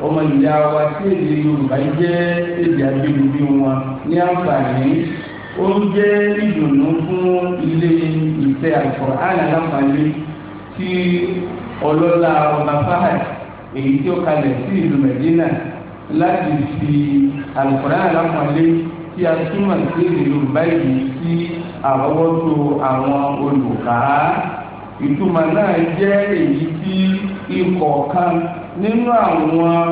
ọmọ ìyá wa tí èdè yorùbá jẹ́ èdè abínibí wọn ní àǹfààní ó jẹ́ ìdùnnú fún ilé ìfẹ́ àìkọ́ àìlànà àǹfààní tí ọlọ́lá ọba fáhàì èyí tí ó kalẹ̀ sí ìlú mẹ̀dínà láti fi alukóran alámọ̀lé tí a túmọ̀ sí ìlú báyìí sí àrọ́wọ́tó àwọn olùkà ìtumọ̀ náà jẹ́ èyí tí ìkọ̀ọ̀kan nínú àwọn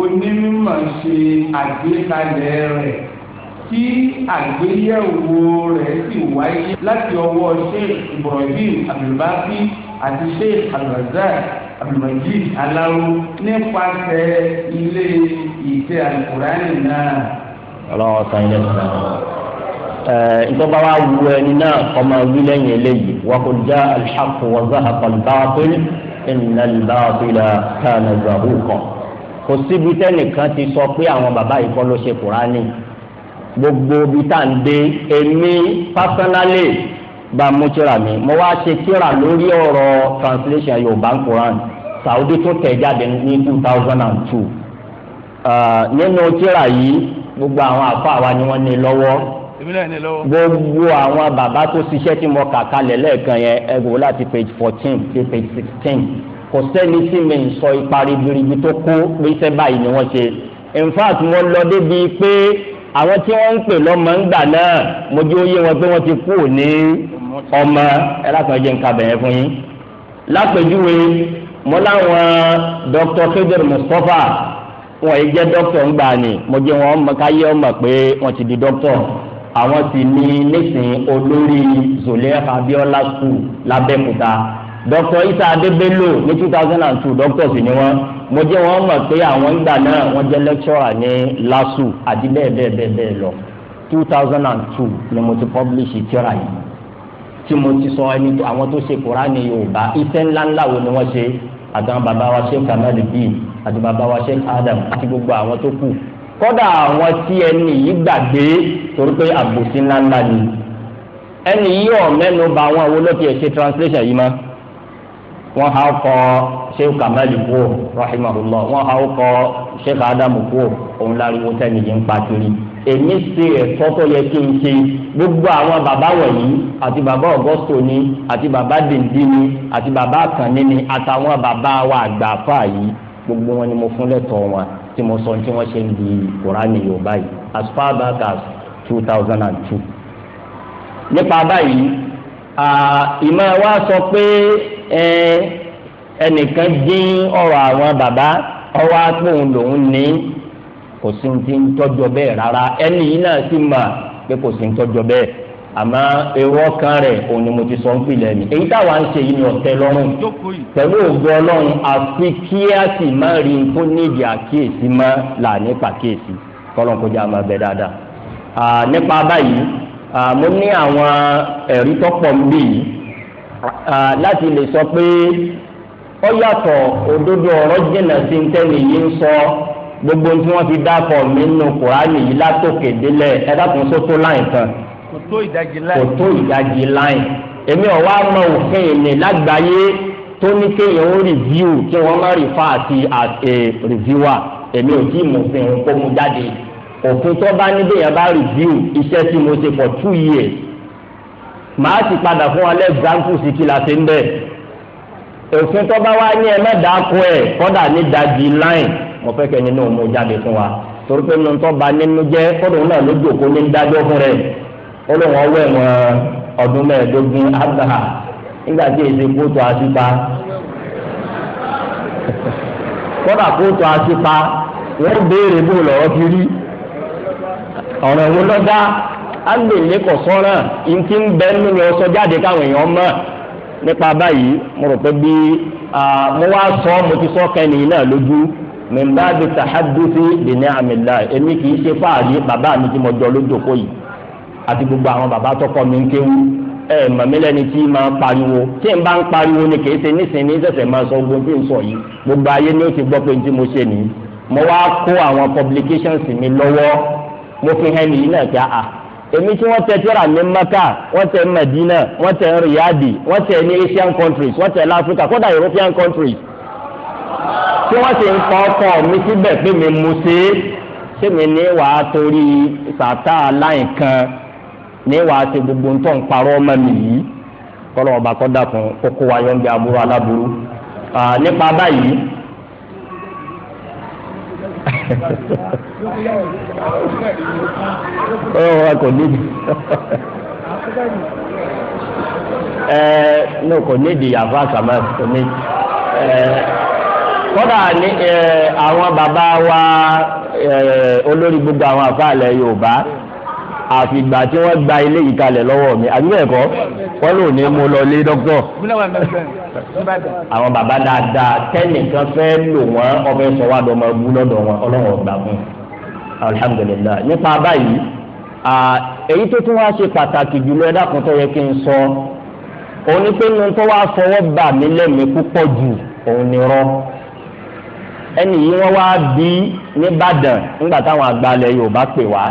onímọ̀ ṣe àgbékalẹ̀ rẹ̀ tí àgbéyẹ̀wò rẹ̀ sì wáyé láti ọwọ́ sheikh ibrahim abdulbaki àti sheikh abdulrazak àmọ̀jì aláwo nípasẹ̀ ilé ìtẹ́ àlùkùránì náà. ọlọ́wọ́ san ilé ìtura ìtọ́ba wa wu ẹni náà ọmọ wí lẹ́yìn eléyìí wa qul jaa al-haqqu wa zahaqa al-batil inna al-batila kò síbi tẹ́nìkan ti sọ pé àwọn bàbá yìí kọ́ ló ṣe kùránì gbogbo bí tá à bá mú tíra mi mo wá ṣe tíra lórí ọ̀rọ̀ translation yorùbá quran saudi tó tẹ̀ jáde ní two thousand and two nínú tíra yìí gbogbo àwọn àfa wa ni wọ́n ní lọ́wọ́ gbogbo àwọn bàbá tó ṣiṣẹ́ tí mo kà kalẹ̀ lẹ́ẹ̀kan yẹn ẹ wò láti page fourteen to page sixteen kò sẹ́ni tí mi ń sọ ìparí biribi tó kó pé iṣẹ́ báyìí ni wọ́n ṣe in fact mo lọ débi pé àwọn tí wọ́n ń pè lọ́mọ ńgbà náà mo jẹ́ oyé wọn pé wọ́n ti kú ní ọmọ ẹlẹ́kọ̀ọ́jẹ́ ń kabẹ̀ yẹn fún yín. lápèjúwe mo láwọn dr Khidir Mustapha wọn yìí jẹ́ dókítà ń gbà ní mo jẹ́ wọn ọmọ káyé ọmọ pé wọ́n ti di dókítà àwọn sì ní nísìnyí olórí Zuleikha Abiola school l'Abẹ́òkúta dókítà Isa Adebello ní two thousand and two dókítà sì ni wọ́n mo jẹ́ wọn mọ̀ pé àwọn ìgbà náà wọ́n jẹ́ lecturer ní LASU àti bẹ́ẹ̀ bẹ́ẹ̀ bẹ́ẹ̀ bẹ́ẹ̀ lọ two thousand and two ni mo ti publish tírà yìí tí mo ti sọ ẹni àwọn tó ṣe kuraani yorùbá iṣẹ́ ńláńlá wo ni wọ́n ṣe àtàwọn bàbá wa ṣe kamal bíi àti bàbá wa ṣe adam àti gbogbo àwọn tó kù kódà àwọn tí ẹni yìí gbàgbé torí pé àbòsí ńláńlá ni ẹni yìí ọ̀ mẹ́nu bà àwọn àwọn olókè ṣe translation yìí mọ́ wọ́n há kọ ṣéwù kamali kú rahimahullah wọ́n há kọ ṣéwù adam kú òun láriwo tẹ́ni yìí ń pa kiri èmi ṣe ẹ̀tọ́ tó yẹ kí n ṣe gbogbo àwọn bàbá wọ̀nyí àti bàbá ọ̀gọ́sò ni àti bàbá dìndín ni àti bàbá àkànní ni àtàwọn bàbá wa àgbà fà yìí gbogbo wọn ni mo fún lẹ́tọ̀ọ́ wọn tí mo sọ tí wọ́n ṣe ń di kùránì yorùbá yìí as far back as two thousand and two. nípa báyìí ìmọ̀ wa sọ pé ẹnìkan dín ọ̀rọ̀ àwọn bàbá ọwọ́ àpòun lòún ní kò sí ní ti ń tọ́jọ bẹ́ẹ̀ rárá ẹni yìí náà sì mà pé kò sí ní tọ́jọ bẹ́ẹ̀ àmọ́ èrò ọkàn rẹ̀ òun ni mo ti sọ ń pilẹ̀ ni èyí táwa ń ṣe yìí ni ọ̀tẹ́ lọ́rùn pẹ̀lú ògo ọlọ́run àfi kí á sì má rí i tó nídìí àkíyèsí mọ́ là nípa kíyèsí kọ́lọ́n kọjá máa bẹ dáadáa. nípa báyìí mo ní àwọn ẹ̀rí tọ́pọ̀ ń bì yìí láti lè sọ pé ó yàtọ̀ òdodo ọ̀rọ̀ jìnnà sí ń tẹ́lẹ̀ yìí ń sọ gbogbo tí wọ́n ti dákọ̀ mí nínú kùránì yìí látòkè délẹ̀ ẹ dákun só tó láì kan kò tó ìdajì láì èmi ọ̀ wá mọ òfin ìní lágbàáyé tó ní kéèyàn ó rìvíù kí wọ́n má rí fa àti àti rìvíwà èmi ò tí mọ̀ òfin òun kó mu jáde òfin tó bá ní bẹ́ẹ̀ yẹn bá rìvíù iṣẹ́ tí mo ṣe for two years màá sì padà fún wa lẹ́gbàáǹkù sí kí la ṣe ń bẹ̀ òfin tó bá wá ní ẹ mẹ́dàá kọ ẹ̀ kọ́dà ní dajì láì mo fẹ́ kẹ́ni náà mo jáde fún wa torí pé nínú tó ba nínú jẹ́ kọ́dọ̀ náà ló jòkó ní dájọ́ fún rẹ̀ ó lóun ọwọ́ ẹ̀wọ̀n ọdún mẹ́ẹ̀ẹ́dógún abraha nígbà tí èsì kóòtù àtúpa kọ́dà kóòtù àtúpa wọ́n béèrè bó lọ́rọ́ fi rí ọ̀rọ̀ ìwọ lọ́dá agbèlè kò sọ́ràn ìkí ń bẹ nínú ọsọ jáde káwọn èèyàn mọ̀ nípa báyìí mo rò pé bí mo wá sọ mo ti sọ kẹ́ni náà lójú mìmbáàbí tàhádùsí bìnní àmìlá èmi kì í ṣe fáàrí bàbá mi tí mo jọ lójókòó yìí àti gbogbo àwọn bàbá tọkọ mi ń kéwú ẹ mọ̀mílẹ̀ ni tí máa pariwo tí n bá ń pariwo ni kì í ṣe nísìnyí sẹ̀sẹ̀ máa sọ gbogbo tí n sọ yìí gbogbo ayé ni ó ti gbọ́ pé n tí mo ṣe nìyí mo wá kó àwọn publications mi lọ́wọ́ mo fi hàn nìyí náà kí a à èmi tí wọ́n tẹ tíra ní maka wọ́n tẹ madina wọ́n tẹ riyadi wọ́n tẹ ní asian countries wọ́n tẹ láfíríkà kódà european countries tí wọ́n sì ń kọ́ ọkọ mi síbẹ̀ pé mi mu sí i ṣé mi ní wàá torí sàtà láì kan ní wàá ṣe gbogbo ń tọ́ ń parọ́ ọmọ mi yìí kọ́lọ́ ọba kọ́ dàkún kókó wa yọ̀ ń bí aburú aláburú nípa báyìí ọ̀rọ̀ <laughs> wa kò nídìí ẹ̀ẹ́ náà kò kò nídìí kódà ní àwọn bàbá wa olórí gbogbo àwọn àfàlẹ̀ Yorùbá àfìgbà tí wọ́n gba ilé yìí kalẹ̀ lọ́wọ́ mi àbí bẹ́ẹ̀ kọ́ wọ́n lò ní mo lọ lé dókítọ̀. àwọn bàbá dáadáa tẹ́nìkan fẹ́ lò wọ́n ọbẹ̀ sọ wá dọ́mọ bú lọ́dọ̀ wọn ọlọ́wọ́ gbà fún alhamdulilayi nípa báyìí èyí tó tún wá ṣe pàtàkì jùlọ ẹ dákun tó yẹ kí n sọ òun ni pé nínú tó wá fọwọ́ bà mí lẹ́mìí púpọ̀ jù òun ni rọ́ọ̀ ẹnì yìí wọ́n wá bí nìbàdàn nígbà táwọn àgbàlẹ̀ yorùbá pè wá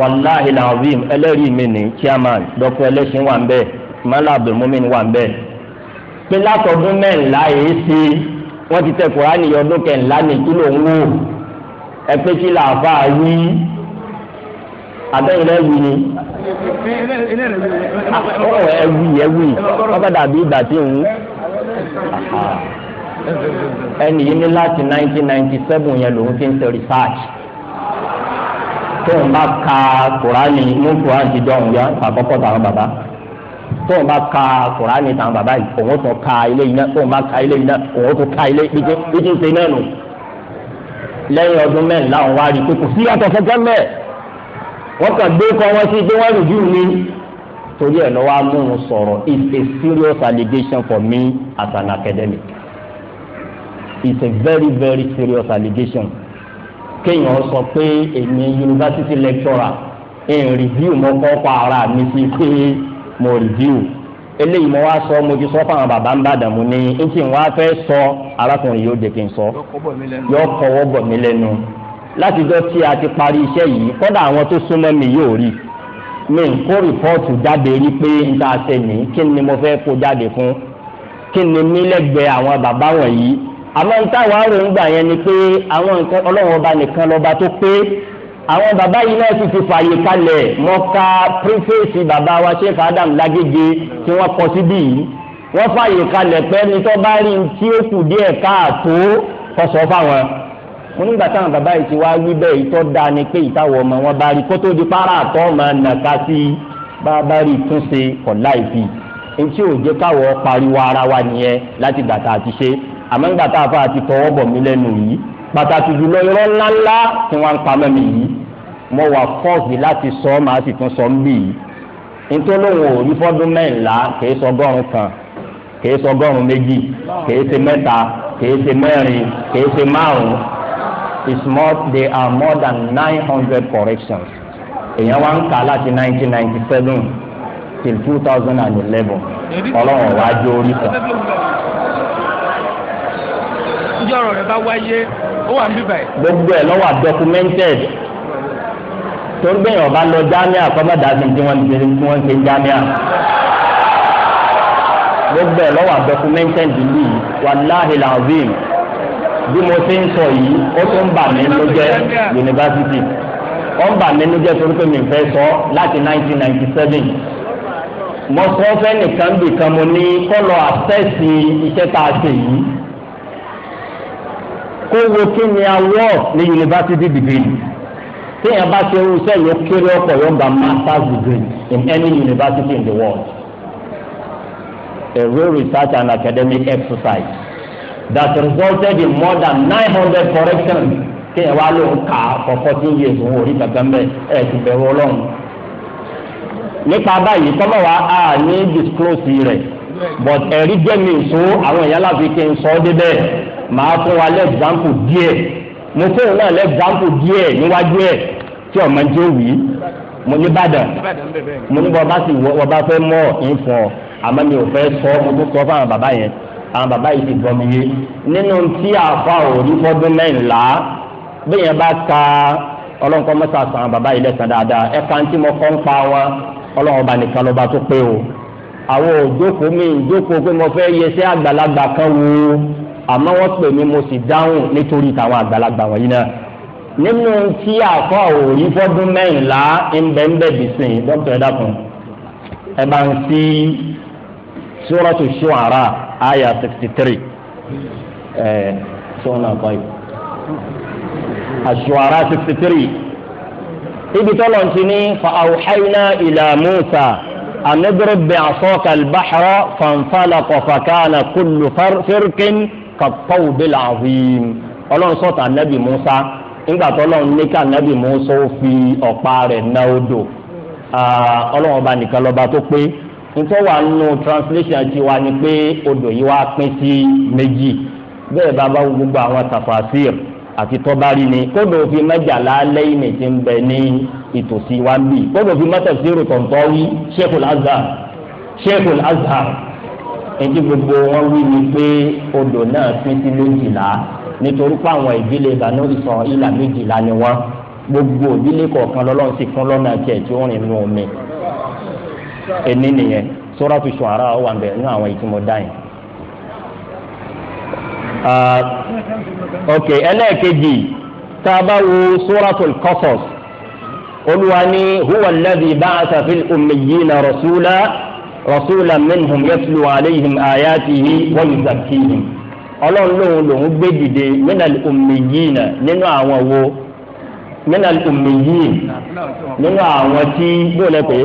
wàláhi làwìn ẹlẹ́rìí mi ní chairman dr ẹlẹ́sìn wà ń bẹ́ẹ̀ mọ́lá abdulmumin wà ń bẹ́ẹ̀ pé látọdún mẹ́ńlá èyí sí wọ́n ti tẹ kùránì ọdún kẹ̀ńlá ní kí ló ń wò ẹ pé kí làáfà wí abẹ́yìn lẹ́wì ni ẹwì ẹwì ọ̀pẹ̀ dàbí ìgbà tí ń ẹnì yìí ní láti 1997, ninety seven yẹn lòun fi ń ṣe research tóun bá ka kùránì mú kùránì ti dọ̀ ọ̀hún yọ àkọ́kọ́ tàwọn bàbá tóun bá ka kùránì tàwọn bàbá yìí òun tó ka ilé yìí náà tóun bá ka ilé yìí náà òun tó ka ilé yìí bíjí ń ṣe náà nù lẹ́yìn ọdún mẹ́rin láwọn wá rí i pé kò sí yàtọ̀ fẹ́fẹ́ mẹ́ẹ̀ wọ́n kàn gbé kọ́ wọn sí pé wọ́n rìndú mi torí ẹ̀ lọ́wọ́ amúhun sọ̀rọ̀ it's a serious allegation for me as an academic it's a very very serious allegation kéèyàn sọ pé èmi university lecturer ń review mo kọ́ pa ara mi sí pé mo review eléyìí mo wá sọ mo ti sọ fáwọn bàbá ń bàdàn mo ní n tí n wá fẹ́ sọ arákùnrin yóò dé kí n sọ yóò kọ́wọ́ bọ̀ mí lẹ́nu látijọ́ tí a ti parí iṣẹ́ yìí kọ́dà àwọn tó súnmọ́ mi yóò rí mi n kó rìpọ́ọ̀tù jáde rí pé n ta ṣe mí kí ni mo fẹ́ kó jáde fún kí ni mí lẹ́gbẹ̀ẹ́ àwọn bàbá wọ̀nyí àmọ́ ń táwọn àròǹgbà yẹn ni pé àwọn nǹkan ọlọ́run ọba nìkan lọ́ba tó pé àwọn bàbá yìí náà sì ti fààyè kalẹ̀ mọ́ ka bàbá wa Sheikh Adam Lágége tí wọ́n kọ síbí yìí wọ́n fààyè kalẹ̀ pé ní tó bá rí tí ó kù díẹ̀ káàtó kọsọ̀ fáwọn. mo nígbà táwọn bàbá yìí ti wá wí bẹ́ẹ̀ ìtọ́ da ni pé ìtawọ̀ ọmọ wọn bá rí kó tó di para àtọ́ ọmọ nàka sí bàbá rí túnṣe kọ̀ láìpì. etí ò jẹ́ káwọ̀ pariwo ara wa nìyẹn láti gbà tá a ti ṣe àmọ́ ńgbà tá a fa àti tọwọ́ bọ̀ mí lẹ́nu yìí pàtàkì jùlọ irọ́ ńláńlá tí wọ́n ń pamọ́ mi yìí mo wà fọ́ọ̀sì láti sọ ọ́ màá sì tún sọ ń bì yìí ntọ́lọ́wọ̀n òrí fọ́dún mẹ́rìnlá kìí sọgọ́rùn kan kìí sọgọ́rùn méjì kìí ṣe mẹ́ta kìí ṣe mẹ́rin kìí ṣe márùn is more they are more than nine hundred corrections èèyàn wá ń kà láti nineteen ninety seven till two thousand and eleven ọlọ́run wá jó orí kan níjọ́ ọ̀rọ̀ rẹ̀ bá wáyé ó wà níbí gbogbo ẹ̀ lọ́wọ́ documented torí bẹ́ẹ̀ ọba lọ jámíà kọ́mọ̀dá sí tí wọ́n ti tí wọ́n ti jámíà gbogbo ẹ̀ lọ́wọ́ documented yìí wàláhì làzim bí mo ti ń sọ yìí ó tún bà mí ló jẹ́ yunifásitì ó ń bà mí ló jẹ́ torí pé mi fẹ́ sọ láti 1997 mo sọ fẹ́ nìkan bìkan mo ní kọ́ lọ iṣẹ́ tá a ṣe yìí kó wo kí ni awọ́ ní yunifásitì degree téèyàn bá ṣe irú iṣẹ́ yóò kéré ọkọ̀ yóò gba master's degree in any university in the world a real research and academic exercise that resulted in more than nine hundred corrections kéèyàn wá ló ń kà á for fourteen years owó orí kankan bẹ́ẹ̀ ẹ̀ ti bẹ̀rù ọlọ́run nípa báyìí kọ́mọ̀ wá a ní disclose rẹ̀ but ẹ̀rí jẹ́ mi ìṣó àwọn èèyàn láfi kí n sọ ọ́ débẹ̀ màá fún wa lẹ́gbàmpù díẹ̀ mo fún un náà lẹ́gbàmpù díẹ̀ níwájú ẹ̀ tí ọmọ jẹ́ wí mo ní Ìbàdàn mo ní bọ́ bá sì wọ́ bá fẹ́ mọ́ ń fọ́ àmọ́ mi ò fẹ́ sọ mo tó sọ fún àwọn bàbá yẹn àwọn bàbá yìí ti gbọ́ mi yé nínú tí àfa òrí fọ́dún mẹ́rìnlá bẹ́ẹ̀ yẹn bá ka ọlọ́nkọ́ mọ́tà sàn àwọn bàbá yìí lẹ́sàn dáadáa ẹ̀ka tí mo kọ́ ń pa wọn ọlọ́run bá nìkan lọ́ba tó pé o àwọn òjókòó mi ìjókòó pé mo fẹ́ yẹsẹ́ àgbàlagbà kan wo àmọ́ wọ́n pè mí mo sì dáhùn nítorí tàwọn àgbàlagbà wọ̀nyí náà nínú tí àfọ òòrí fọdún mẹ́rìnlá ńbẹ́ńbẹ́ bìsìn dókítà ẹ̀dá kan ẹ bá ń sí Suratu Shu'ara àyà sixty three ẹ̀ sọ́nà kọ́ yìí sixty three ibi tọ́lọ̀ ti ní fa awhayna ila Musa an idrib bi'asaka al-bahra fanfalaqa fa kana kàtọ́wù bẹ́ẹ̀ làwìn ọlọ́run sọ̀tà nẹ́bì musa nígbà tó ọlọ́run ní ká nẹ́bì musa ó fi ọ̀pá rẹ̀ ná odò ọlọ́run ọba nìkan lọ́ba tó pé nítorí wà nù translation ti wà ní pé odò yìí wá pín sí méjì bẹ́ẹ̀ bá bá gbogbo àwọn tafasir àti tọ́bárì ni kódò fi mẹ́jàlá lẹ́yìn tí ń bẹ ní ìtòsí wa ń bì kódò fi mẹ́tẹ̀sí rò tọ̀ntọ́ wí Sheikhul Azhar Sheikhul Azhar ètí gbogbo wọn wí ni pé odò náà pín sí méjìlá nítorí pé àwọn ìdílé ìbànú ìsọ ìlà méjìlá ni wọn gbogbo ìdílé kọ̀ọ̀kan lọ́lọ́run sì fún lọ́nà tiẹ̀ tí ó rìn nù omi ẹni nìyẹn Suratu Shu'ara ó wà ń bẹ ní àwọn ìtumọ̀ dáyìn. ok ẹlẹ́ẹ̀kejì tá a bá wo Suratul Qasas olúwa ní huwa alladhi ba'atha fil ummiyina rasula rasuula minhum yatlu alayhim ayatihi wa yuzakkihim ọlọ́run lòun lòun gbé dìde minal ummiyina nínú àwọn wo minal ummiyin nínú àwọn tí bóòlẹ̀ pé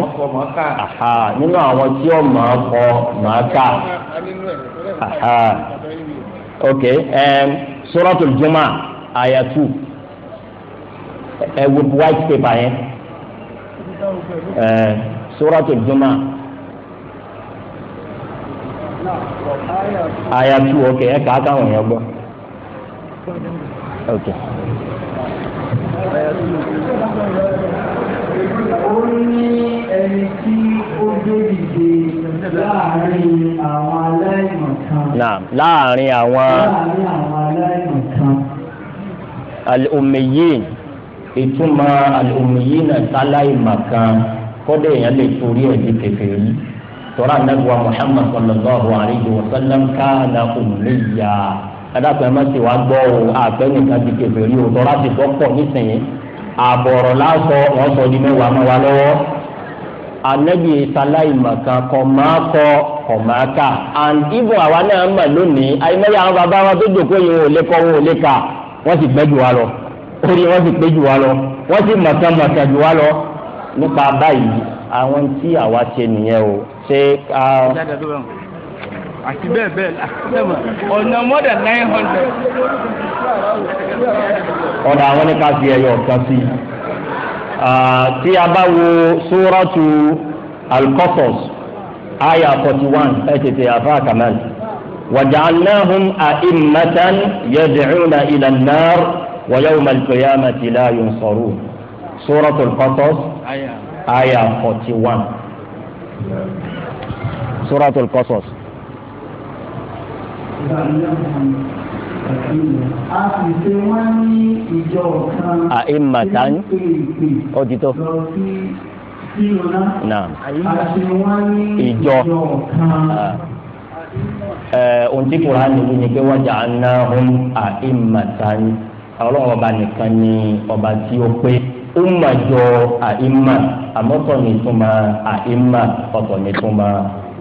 nínú àwọn tí ó máa kọ máa kà ok um, suratul juma aya two ẹ wo white paper yẹn suratul juma aya two ok ẹ kà á káwọn èèyàn gbọ́. ok. ó ní ẹni tí ó gbé láàrin àwọn aláìmọ̀ láàrin àwọn. láàrin àwọn al-ummiyin ìtumọ̀ al-ummiyin náà sáláìmọ̀ kan èèyàn lè torí ẹ̀ di kèfèrí yìí tọ́lá nàbùwà muhammad sallallahu alayhi wa sallam káàna òmìnira adákùnrin máa ti wá gbọ́ o àgbẹ̀yìn kan ti kẹfẹ́ rí o tọ́lá ti gbọ́pọ̀ nísìnyí àbọ̀rọ̀ láàsọ wọ́n sọ di mẹ́wàá máa wá lọ́wọ́ anabi salai makan kọ máa kọ kọ máa kà and ibo àwa náà mà lónìí àyìnbáyà àwọn bàbá wa tó dòkó yìí wọn ò lè kọ wọn ò lè kà wọn sì orí wọn sì pé jù wá lọ wọn sì màkà màkà jù wá lọ nípa báyìí àwọn tí àwa ṣe nìyẹn o ṣe ká. Um, àti bẹ́ẹ̀ bẹ́ẹ̀ ọ̀nà more than nine hundred. ọ̀dà àwọn ní ká fi ẹyọ ọ̀kan sí i. tí a bá wo sóràtú Al-Qasas aya forty one ẹ tètè àfa kamal. وجعلناهم أئمة يدعون إلى النار ويوم القيامة لا ينصرون سورة القصص آية 41 Suratul Qasas. àìmàtán ó ti tó. naam ìjọ ohun tí Kùránì ní ni pé wa ja'alnahum àìmàtán ọlọ́run ọba nìkan ni ọba tí ó pé umma jọ àìmà àmọ́tọ̀ ní túmọ̀ àìmà ọ̀tọ̀ ní túmọ̀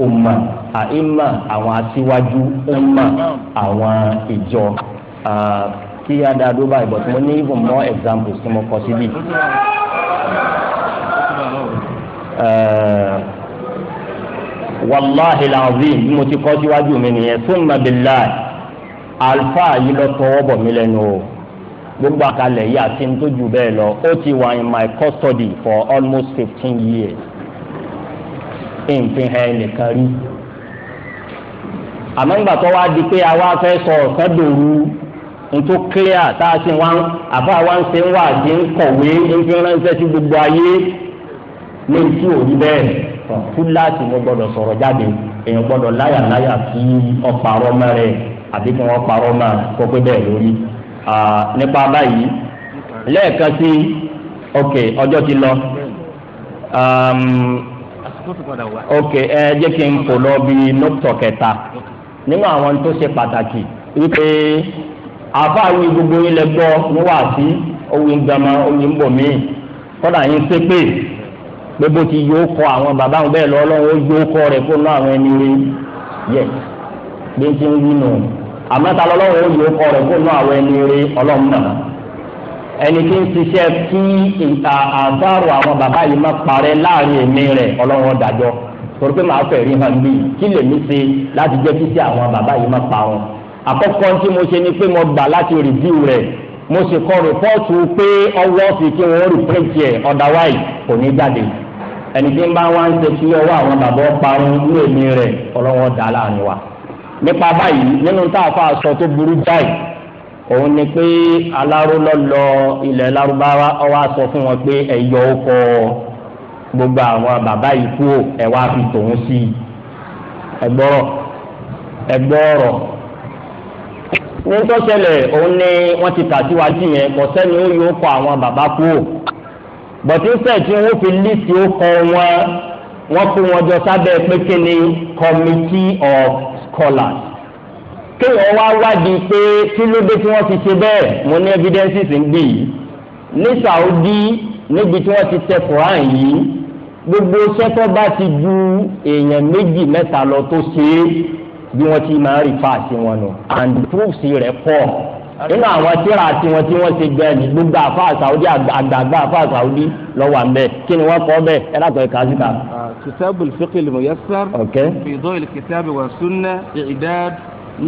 umma àìmà àwọn aṣíwájú umma àwọn ìjọ kí a dáa dó báyìí but mo ní even more examples tí mo kọ síbí. wàláhi làzim bí mo ti kọ́ síwájú mi nìyẹn summa billahi alfa yìí lọ tọwọ́ bọ̀ mí lẹ́nu o gbogbo àkàlẹ̀ yìí àti ntójú bẹ́ẹ̀ lọ ó ti wà in my custody for almost fifteen years nfin hẹ́n nìkan rí àmọ́ nígbà tó wá di pé àwa fẹ́ sọ ọ̀sán dòru ntó clear tá a sì wá àbá wa ń ṣe ń wà di ń kọ̀wé nfin ránṣẹ́ sí gbogbo ayé ní ìtú òní bẹ́ẹ̀ fúláàtì mo gbọ́dọ̀ sọ̀rọ̀ jáde èèyàn gbọ́dọ̀ láyàláyà kí ọ̀parọ́ mọ́ rẹ̀ àbí kí wọ́n parọ́ mọ́ kó pé bẹ́ẹ̀ lórí nípa báyìí lẹ́ẹ̀kan sí ok ọjọ́ ti lọ um, ok ẹ jẹ́ kí n kò lọ bí nọ́tọ̀ kẹta nínú àwọn tó ṣe pàtàkì wípé àfáàwí gbogbo ilẹ̀ gbọ́ níwáàsí owó ń gbàmọ́ omi ń bọ̀ míì kọ́dà yín ṣépè pé bó ti yóò kọ àwọn bàbá àwọn bẹ́ẹ̀ lọ ọlọ́run ó yóò kọ rẹ̀ kó ná àwọn ẹni rí yẹ bí n ń wí nù àmọ́ta lọ́wọ́ ó yọ ọkọ rẹ̀ fún àwọn ẹni rẹ̀ ọlọ́run náà ẹni tí ń ṣiṣẹ́ kí ìta àbárò àwọn bàbá yìí má parẹ́ láàrin èmi rẹ̀ ọlọ́run ọ̀dàjọ́ torí pé màá fẹ̀rí hàn bí kí lèmi ṣe láti jẹ́ kí sí àwọn bàbá yìí má parun àkọ́kọ́ tí mo ṣe ni pé mo gbà láti rìvíw rẹ̀ mo sì kọ rìpọ́ọ̀tù pé ọwọ́ fi kí wọ́n rìpẹ́tì ẹ̀ ọ̀dàwáì kò ní jáde ẹni tí ń bá wá ń ṣe kí ọwọ́ àwọn bàbá parun ní èmi rẹ̀ ọlọ́run ọ̀dà láàrin wa nípa báyìí nínú tá a fa aṣọ tó burú jáì òun ni pé aláró lọ lọ ilẹ̀ lárúbáwá ọwọ́ aṣọ fún wọn pé ẹ̀yọ ọkọ̀ gbogbo àwọn bàbá yìí kú ẹ̀ wá fi tòun sí i ẹ̀gbọ́rọ̀ ẹ̀gbọ́rọ̀ ní tó ṣẹlẹ̀ òun ni wọ́n ti kà síwájú yẹn kò sẹ́ni ó yóò kọ àwọn bàbá kú o bọ̀tí ń sẹ̀ tí wọ́n fi líìsì ó kọ wọn wọ́n kó wọn jọ sábẹ́ pé kí ni committee of scholars kéèyàn wá wádìí pé kí ló dé tí wọ́n ti ṣe bẹ́ẹ̀ mo ní evidences ń bì yìí ní Saudi níbi tí wọ́n ti tẹ Quran yìí gbogbo sẹ́tọ́ bá ti ju èèyàn méjì mẹ́ta lọ tó ṣe é bí wọ́n ti máa rí fáàsì wọn nù and proofs rẹ̀ pọ̀ nínú àwọn tíra àti wọn tí wọn ti gbẹ ní gbogbo àfa àsàwùdí àgbààgbà àfa àsàwùdí lọ́wọ́ àmbẹ kí ni wọn kọ bẹ ẹ dàgbà ẹ kàásì kà. kìtàbù fíkì lè mọ yẹsàr. ok fìdó ilé kìtàbù wà súnà ìdád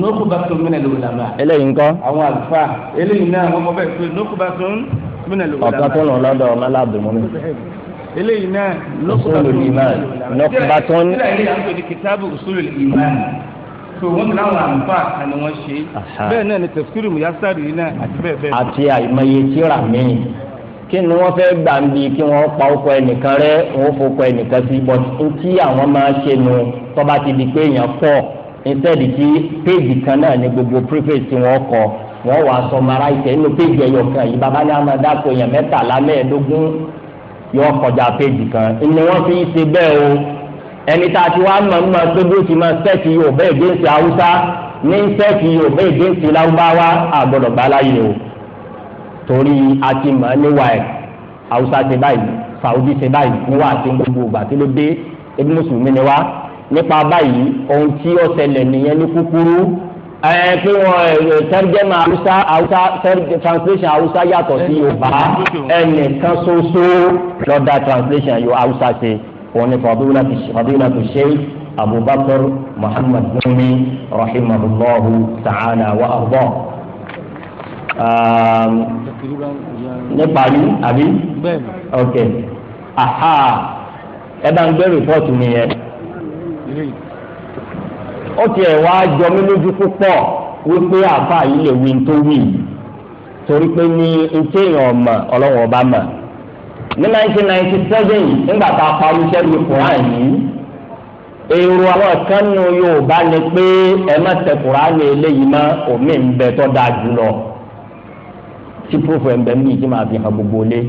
nukubatun minal ulama. eléyìí ńkọ́. àwọn àlùfáà eléyìí náà wọn kọ bẹ́ẹ̀ pé nukubatun minal ulama. ọ̀kan lọ lọ́dọ̀ ọmọ aláàbò mọ́ni eléyìí náà nukubatun minal ulama. nukubatun so wọn láwọn àǹfà ni wọn ṣe bẹ́ẹ̀ náà ni tẹfsiru muyasari yìí náà àti bẹ́ẹ̀ bẹ́ẹ̀. àti àìmọye tíra míì kí ni wọn fẹ́ẹ́ gbà ń bi kí wọn pa ọkọ ẹnìkan rẹ wọn fọkọ ẹnìkan sí but ntí àwọn máa ṣe nu tọba ti di pé èèyàn pọ̀ instead ti péèjì kan náà ni gbogbo preface tí wọn kọ wọn wàá summarize inú péèjì ẹyọ kan yìí bàbá ní àmọ́ dáko èèyàn mẹ́tàlá mẹ́ẹ̀ẹ́dógún yọ kọjá péèjì kan ni wọn fi ń ṣe bẹ́ẹ̀ o ẹni tá a ti wá mọ̀ mọ̀ pé bí ó ti máa sẹ́ẹ̀tì yóò bẹ́ẹ̀ gé ṣe haúsá ní sẹ́ẹ̀tì yóò bẹ́ẹ̀ gé ṣe láwùbáwá àgbọ̀dọ̀ gbá o torí a ti mọ̀ níwà ẹ̀ haúsá ṣe báyìí Saudi ṣe báyìí níwà àti gbogbo ìgbà tí ló dé ebi mùsùlùmí ni wá nípa báyìí ohun tí ó ṣẹlẹ̀ nìyẹn ní kúkúrú ẹ kí wọn tẹrjẹmà haúsá haúsá translation haúsá yàtọ̀ sí Yorùbá ẹnìkan ṣoṣo lọ́dà translation yóò haúsá ṣe òun ni fadilatu sheikh abubakar muhammad gumi rahimahullahu ta'ala wa arda. níparí àbí ok aha ẹ bá ń gbé rìpọ́ọ̀tù mi yẹn ó tiẹ̀ wá jọ mí lójú púpọ̀ wípé àáfàá yìí lè wí tó wí torí pé ní ntẹ́yìn ọmọ ọlọ́wọ́ ọba mọ̀ ní nineteen ninety seven nígbà tá a parí sẹ́lú Kùránì yìí èrò àwọn kan nù Yorùbá ni pé ẹ má tẹ Kùránì eléyìí mọ́ omi ń bẹ tó dáa jùlọ tí púrúfù ẹ̀ ń bẹ mí kí máa fi hàn gbogbo lé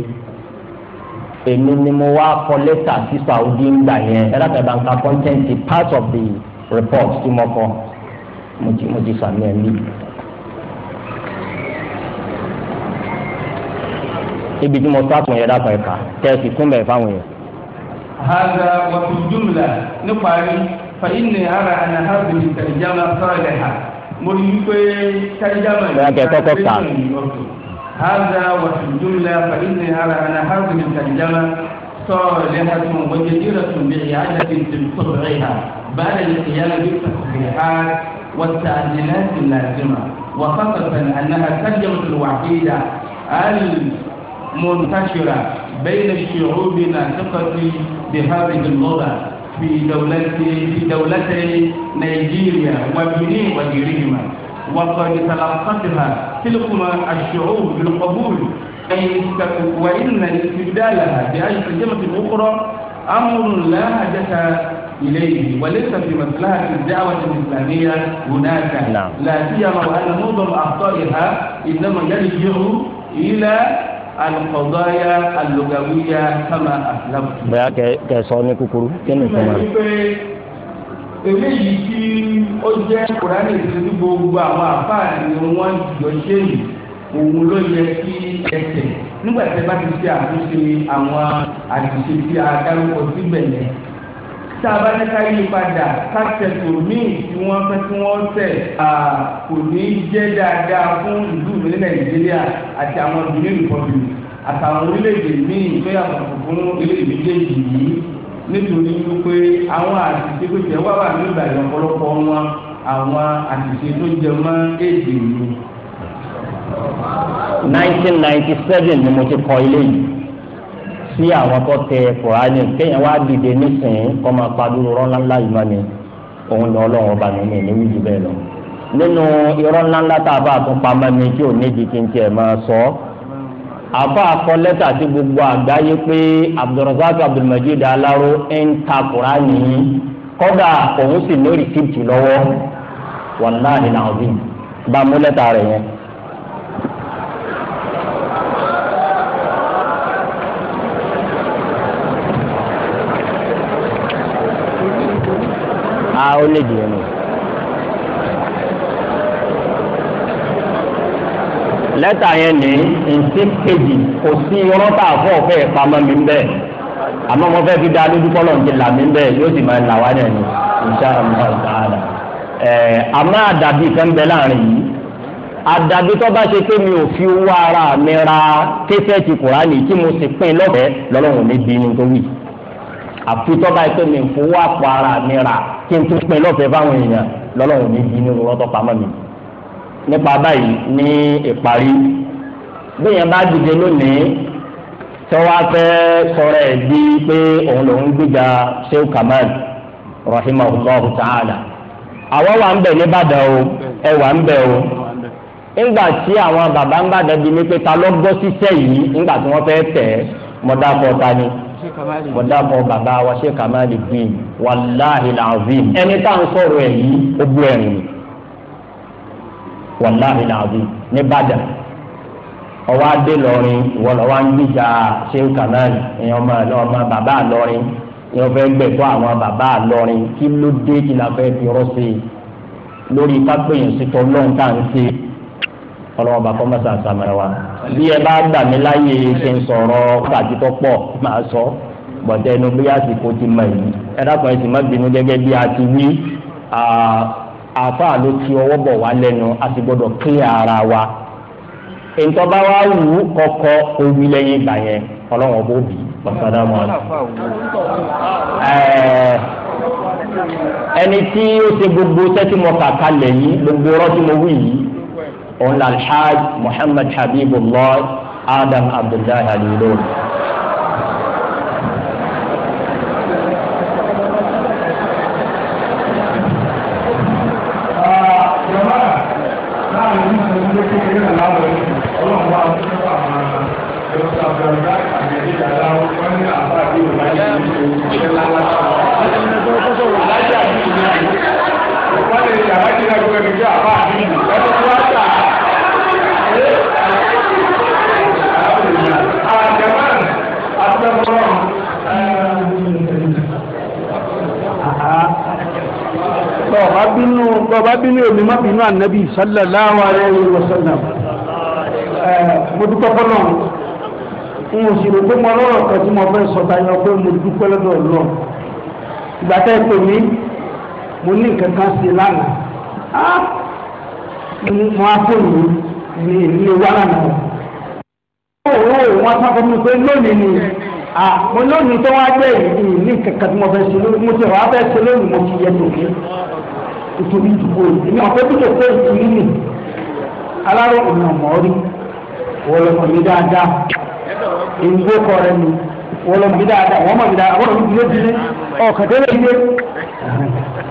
èmi ni mo wá kọ lẹ́tà sí Saudi ńgbà yẹn ẹ láti ẹ̀dá nǹkan kọ́ńtẹ́ǹtì part of the report tí mo kọ mo ti mo sàmì ẹ̀ níbi. ibi tí mo tó àtúnyẹ dàpọ̀ ẹ̀ka tẹ́ sì fún fáwọn yẹn. هذا وفي الجملة نقاري فإني أرى أن هذه الترجمة صالحة مريكي ترجمة هذا وفي الجملة فإني أرى أن هذه الترجمة صالحة وجديرة بإعادة تبصرها بعد القيام بالتصحيحات والتعديلات اللازمة وخاصة أنها الترجمة الوحيدة منتشرة بين الشعوب الناطقة بهذه اللغة في دولة في دولتي نيجيريا وبني وغيرهما وقد تلقتها تلكما الشعوب بالقبول وإن استبدالها بأي ترجمة أخرى أمر لا حاجة إليه وليس في مصلحة الدعوة الإسلامية هناك نعم. لا سيما وأن معظم أخطائها إنما يرجع إلى alikọdọya alugawuya kama asilamu. bẹ́ẹ̀ kẹ kẹ sọ ní kúkúrú kí ni ìtumọ̀ rẹ̀. eléyìí tí ó jẹ́ kùránì ìṣẹ́jú gbogbo àwọn àfáà ni jọ ṣe yìí òun ló yẹ kí ẹsẹ̀ nígbà tí a bá ti ṣe àtúnṣe àwọn àtúnṣe tí a dárúkọ síbẹ̀ yẹn tá a bá ní ká yí padà ká tẹ̀sùn míì tí wọ́n fẹ́ tí wọ́n tẹ̀ kò ní jẹ́ dáadáa fún ìlú mi ní nàìjíríà àti àwọn benin republic àtàwọn orílẹ̀-èdè míì tó yàtọ̀ fún orílẹ̀-èdè méjèèjì yìí nítorí wípé àwọn àṣìṣe tó jẹ́ wà wà ní ìbàdàn ọ̀pọ̀lọpọ̀ wọn àwọn àṣìṣe tó jẹ mọ́ èdè mi. nineteen ninety seven ni mo ti kọ ilé yìí sí àwọn tó tẹ kùránì kéèyàn wá dìde nísìnyí kọ́ máa padúró rọ́ ńláńlá yìí mọ́ ni òun ni ọlọ́run ọba mi ní ìléwí jù bẹ́ẹ̀ lọ. nínú irọ́ ńláńlá tá a bá tún pamọ́ mi tí ò nídìí kí n tiẹ̀ máa sọ ọ́ àfa akọ lẹ́tà sí gbogbo àgbáyé pé Abdulrazak Abdulmajid Alaro ń ta kùránì yìí kọ́dà òun sì lórí kíìtì lọ́wọ́ wàláhìn àwọn bíi bá mú lẹ́tà rẹ̀ yẹn. a ó lè dìé nù. lẹ́tà yẹn ní ntí kejì kò sí rọ́bà fún ọ̀fẹ́ ìpamọ́ mi ń bẹ̀ àmọ́ mo fẹ́ fi dá lójú kọ́lọ̀ ń ti là mí ń bẹ̀ yóò sì máa là wá nẹ̀ ní ìṣàmùlá ìṣàmùlá. ẹ̀ẹ́ àmọ́ àdàbí kan bẹ láàrin yìí àdàbí tó bá ṣe pé mi ò fi owó ara mi ra késẹ́ẹ̀tì kùránì tí mo sì pín lọ́fẹ̀ẹ́ lọ́lọ́run mi bí ní torí àfi tó bá ṣe pé mi ò fowó àpò ara mi ra kí n tún pin lọ́fẹ̀ẹ́ fáwọn èèyàn lọ́lọ́run ní bínú lọ́tọ̀ pamọ́ mi. nípa báyìí ní ìparí bẹ́ẹ̀yàn bá dìde lónìí tọ́wọ́ fẹ́ sọ̀rọ̀ ẹ̀ bí pé òun lòún gbéjà sheu kamal rahimahullahu ta'ala àwọn wà ń bẹ̀ nìbàdàn o ẹ wà ń bẹ̀ o ńgbà tí àwọn bàbá ń bàdàn bí mi pé ta ló gbọ́ síṣẹ́ yìí ńgbà tí wọ́n fẹ́ tẹ̀ mọ́dàpọ̀ ta ni kódà mọ bàbá wa ṣe kàmáàlì bíi wàláhì làzim ẹni tá à ń sọ̀rọ̀ ẹ̀ yìí ó bú ẹ̀rìn ni wàláhì làzim ní Ìbàdàn ọwọ́ adé lọ́rin ìwọ lọ́wọ́ ń gbìjà ṣe kàmáàlì ẹ̀yìn ọmọ ẹ̀ lọ́wọ́ ọmọ bàbá lọ́rin ẹ̀yìn ọ̀fẹ́ gbẹ̀kọ́ àwọn bàbá lọ́rin kí ló dé kí la fẹ́ fi rọ́ sí i lórí kápẹ́yìn sítọ́ lọ́hùn tá à ń ṣe ọlọ́wọ́ bá fọ́mọ́sà sàmẹ́rẹ́ bí ẹ bá gbà mí láyè ṣe ń sọ̀rọ̀ gbàdúgbò bọ̀tẹ́ inú bí àsìkò ti mọ̀ yìí ẹ̀dá kan ẹ̀sìn má bínú gẹ́gẹ́ bí a ti wí àfa ló ti ọwọ́ bọ̀ wá lẹ́nu a sì gbọ́dọ̀ kílẹ̀ ara wa ntọ́ba wa wù kọ́kọ́ omi lẹ́yìn ìgbà yẹn ọlọ́run ọba òbí pàṣẹdá mọ́ ẹni tí ó ṣe gbogbo sẹ́tì mọ́ kàkà lẹ́yìn gbogbo ọ̀rọ̀ tí mo wí yìí òun làlhaj Muhammad Habibullah Adam Abdullahi aliyu lónìí. tó bá bínú èmi má bínú ànábì sallallahu alaihi wasallam mo dúpẹ́ fọlọ́ n ò sì rò pé mo lọ́rọ̀ kan tí mo fẹ́ sọ tayọ pé mo dúpẹ́ lọ́dọ̀ lọ ìgbà lónìí tó wá jẹ́ ìní nǹkan kan tí mo fẹ́ ṣe lónìí mo ti fẹ́ ṣe lónìí mo ti yẹ tòkè ìtòrí ìdìbò ìlú àkókò pé ìtòrí nì alárò ìmọ̀ mọ́rí wọlọ́mọ̀ mi dáadáa ìgbó kọrẹ mi wọlọ́mọ̀ mi dáadáa wọ́n mọ̀ mi dáadáa wọ́n mọ̀ mi lójúlé ọ̀kàtẹ́lẹ̀ ilé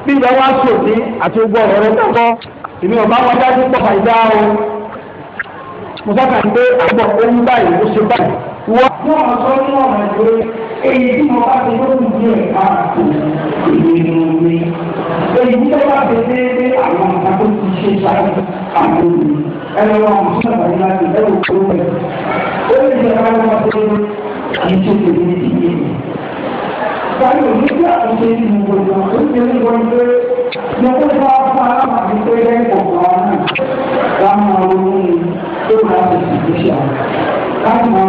bí ìgbà wá sòdí àti ogbó ọ̀rọ̀ rẹ tọ́kọ́ èmi ò bá wọn dájú pọ̀ fàyídá o mo sọ́kà pé àgbọ̀ ohun báyìí ó ṣe báyìí. wọ́n mú ọ̀sán mú ọ̀nà ìwé èyí tí mo bá ti lókun díẹ̀ káàkiri ìlú inú gbé. Èyí tó bá fi déédé àwọn nǹkan ti ṣe ṣáájú àwọn òbí ẹ̀rọ àwọn sábà ní láti ẹ̀rọ tó bẹ̀. Ó lè jẹ́ ká wọ́n pé kì í ṣe tèmi ní ti yé òní tí àwọn ṣe ní gbogbo ó ṣe ní gbogbo pé mo kó bá fa àmàlí pé lẹ́yìn ọ̀pọ̀ àwọn náà wà máa tó máa ṣe sì àwọn. Láti máa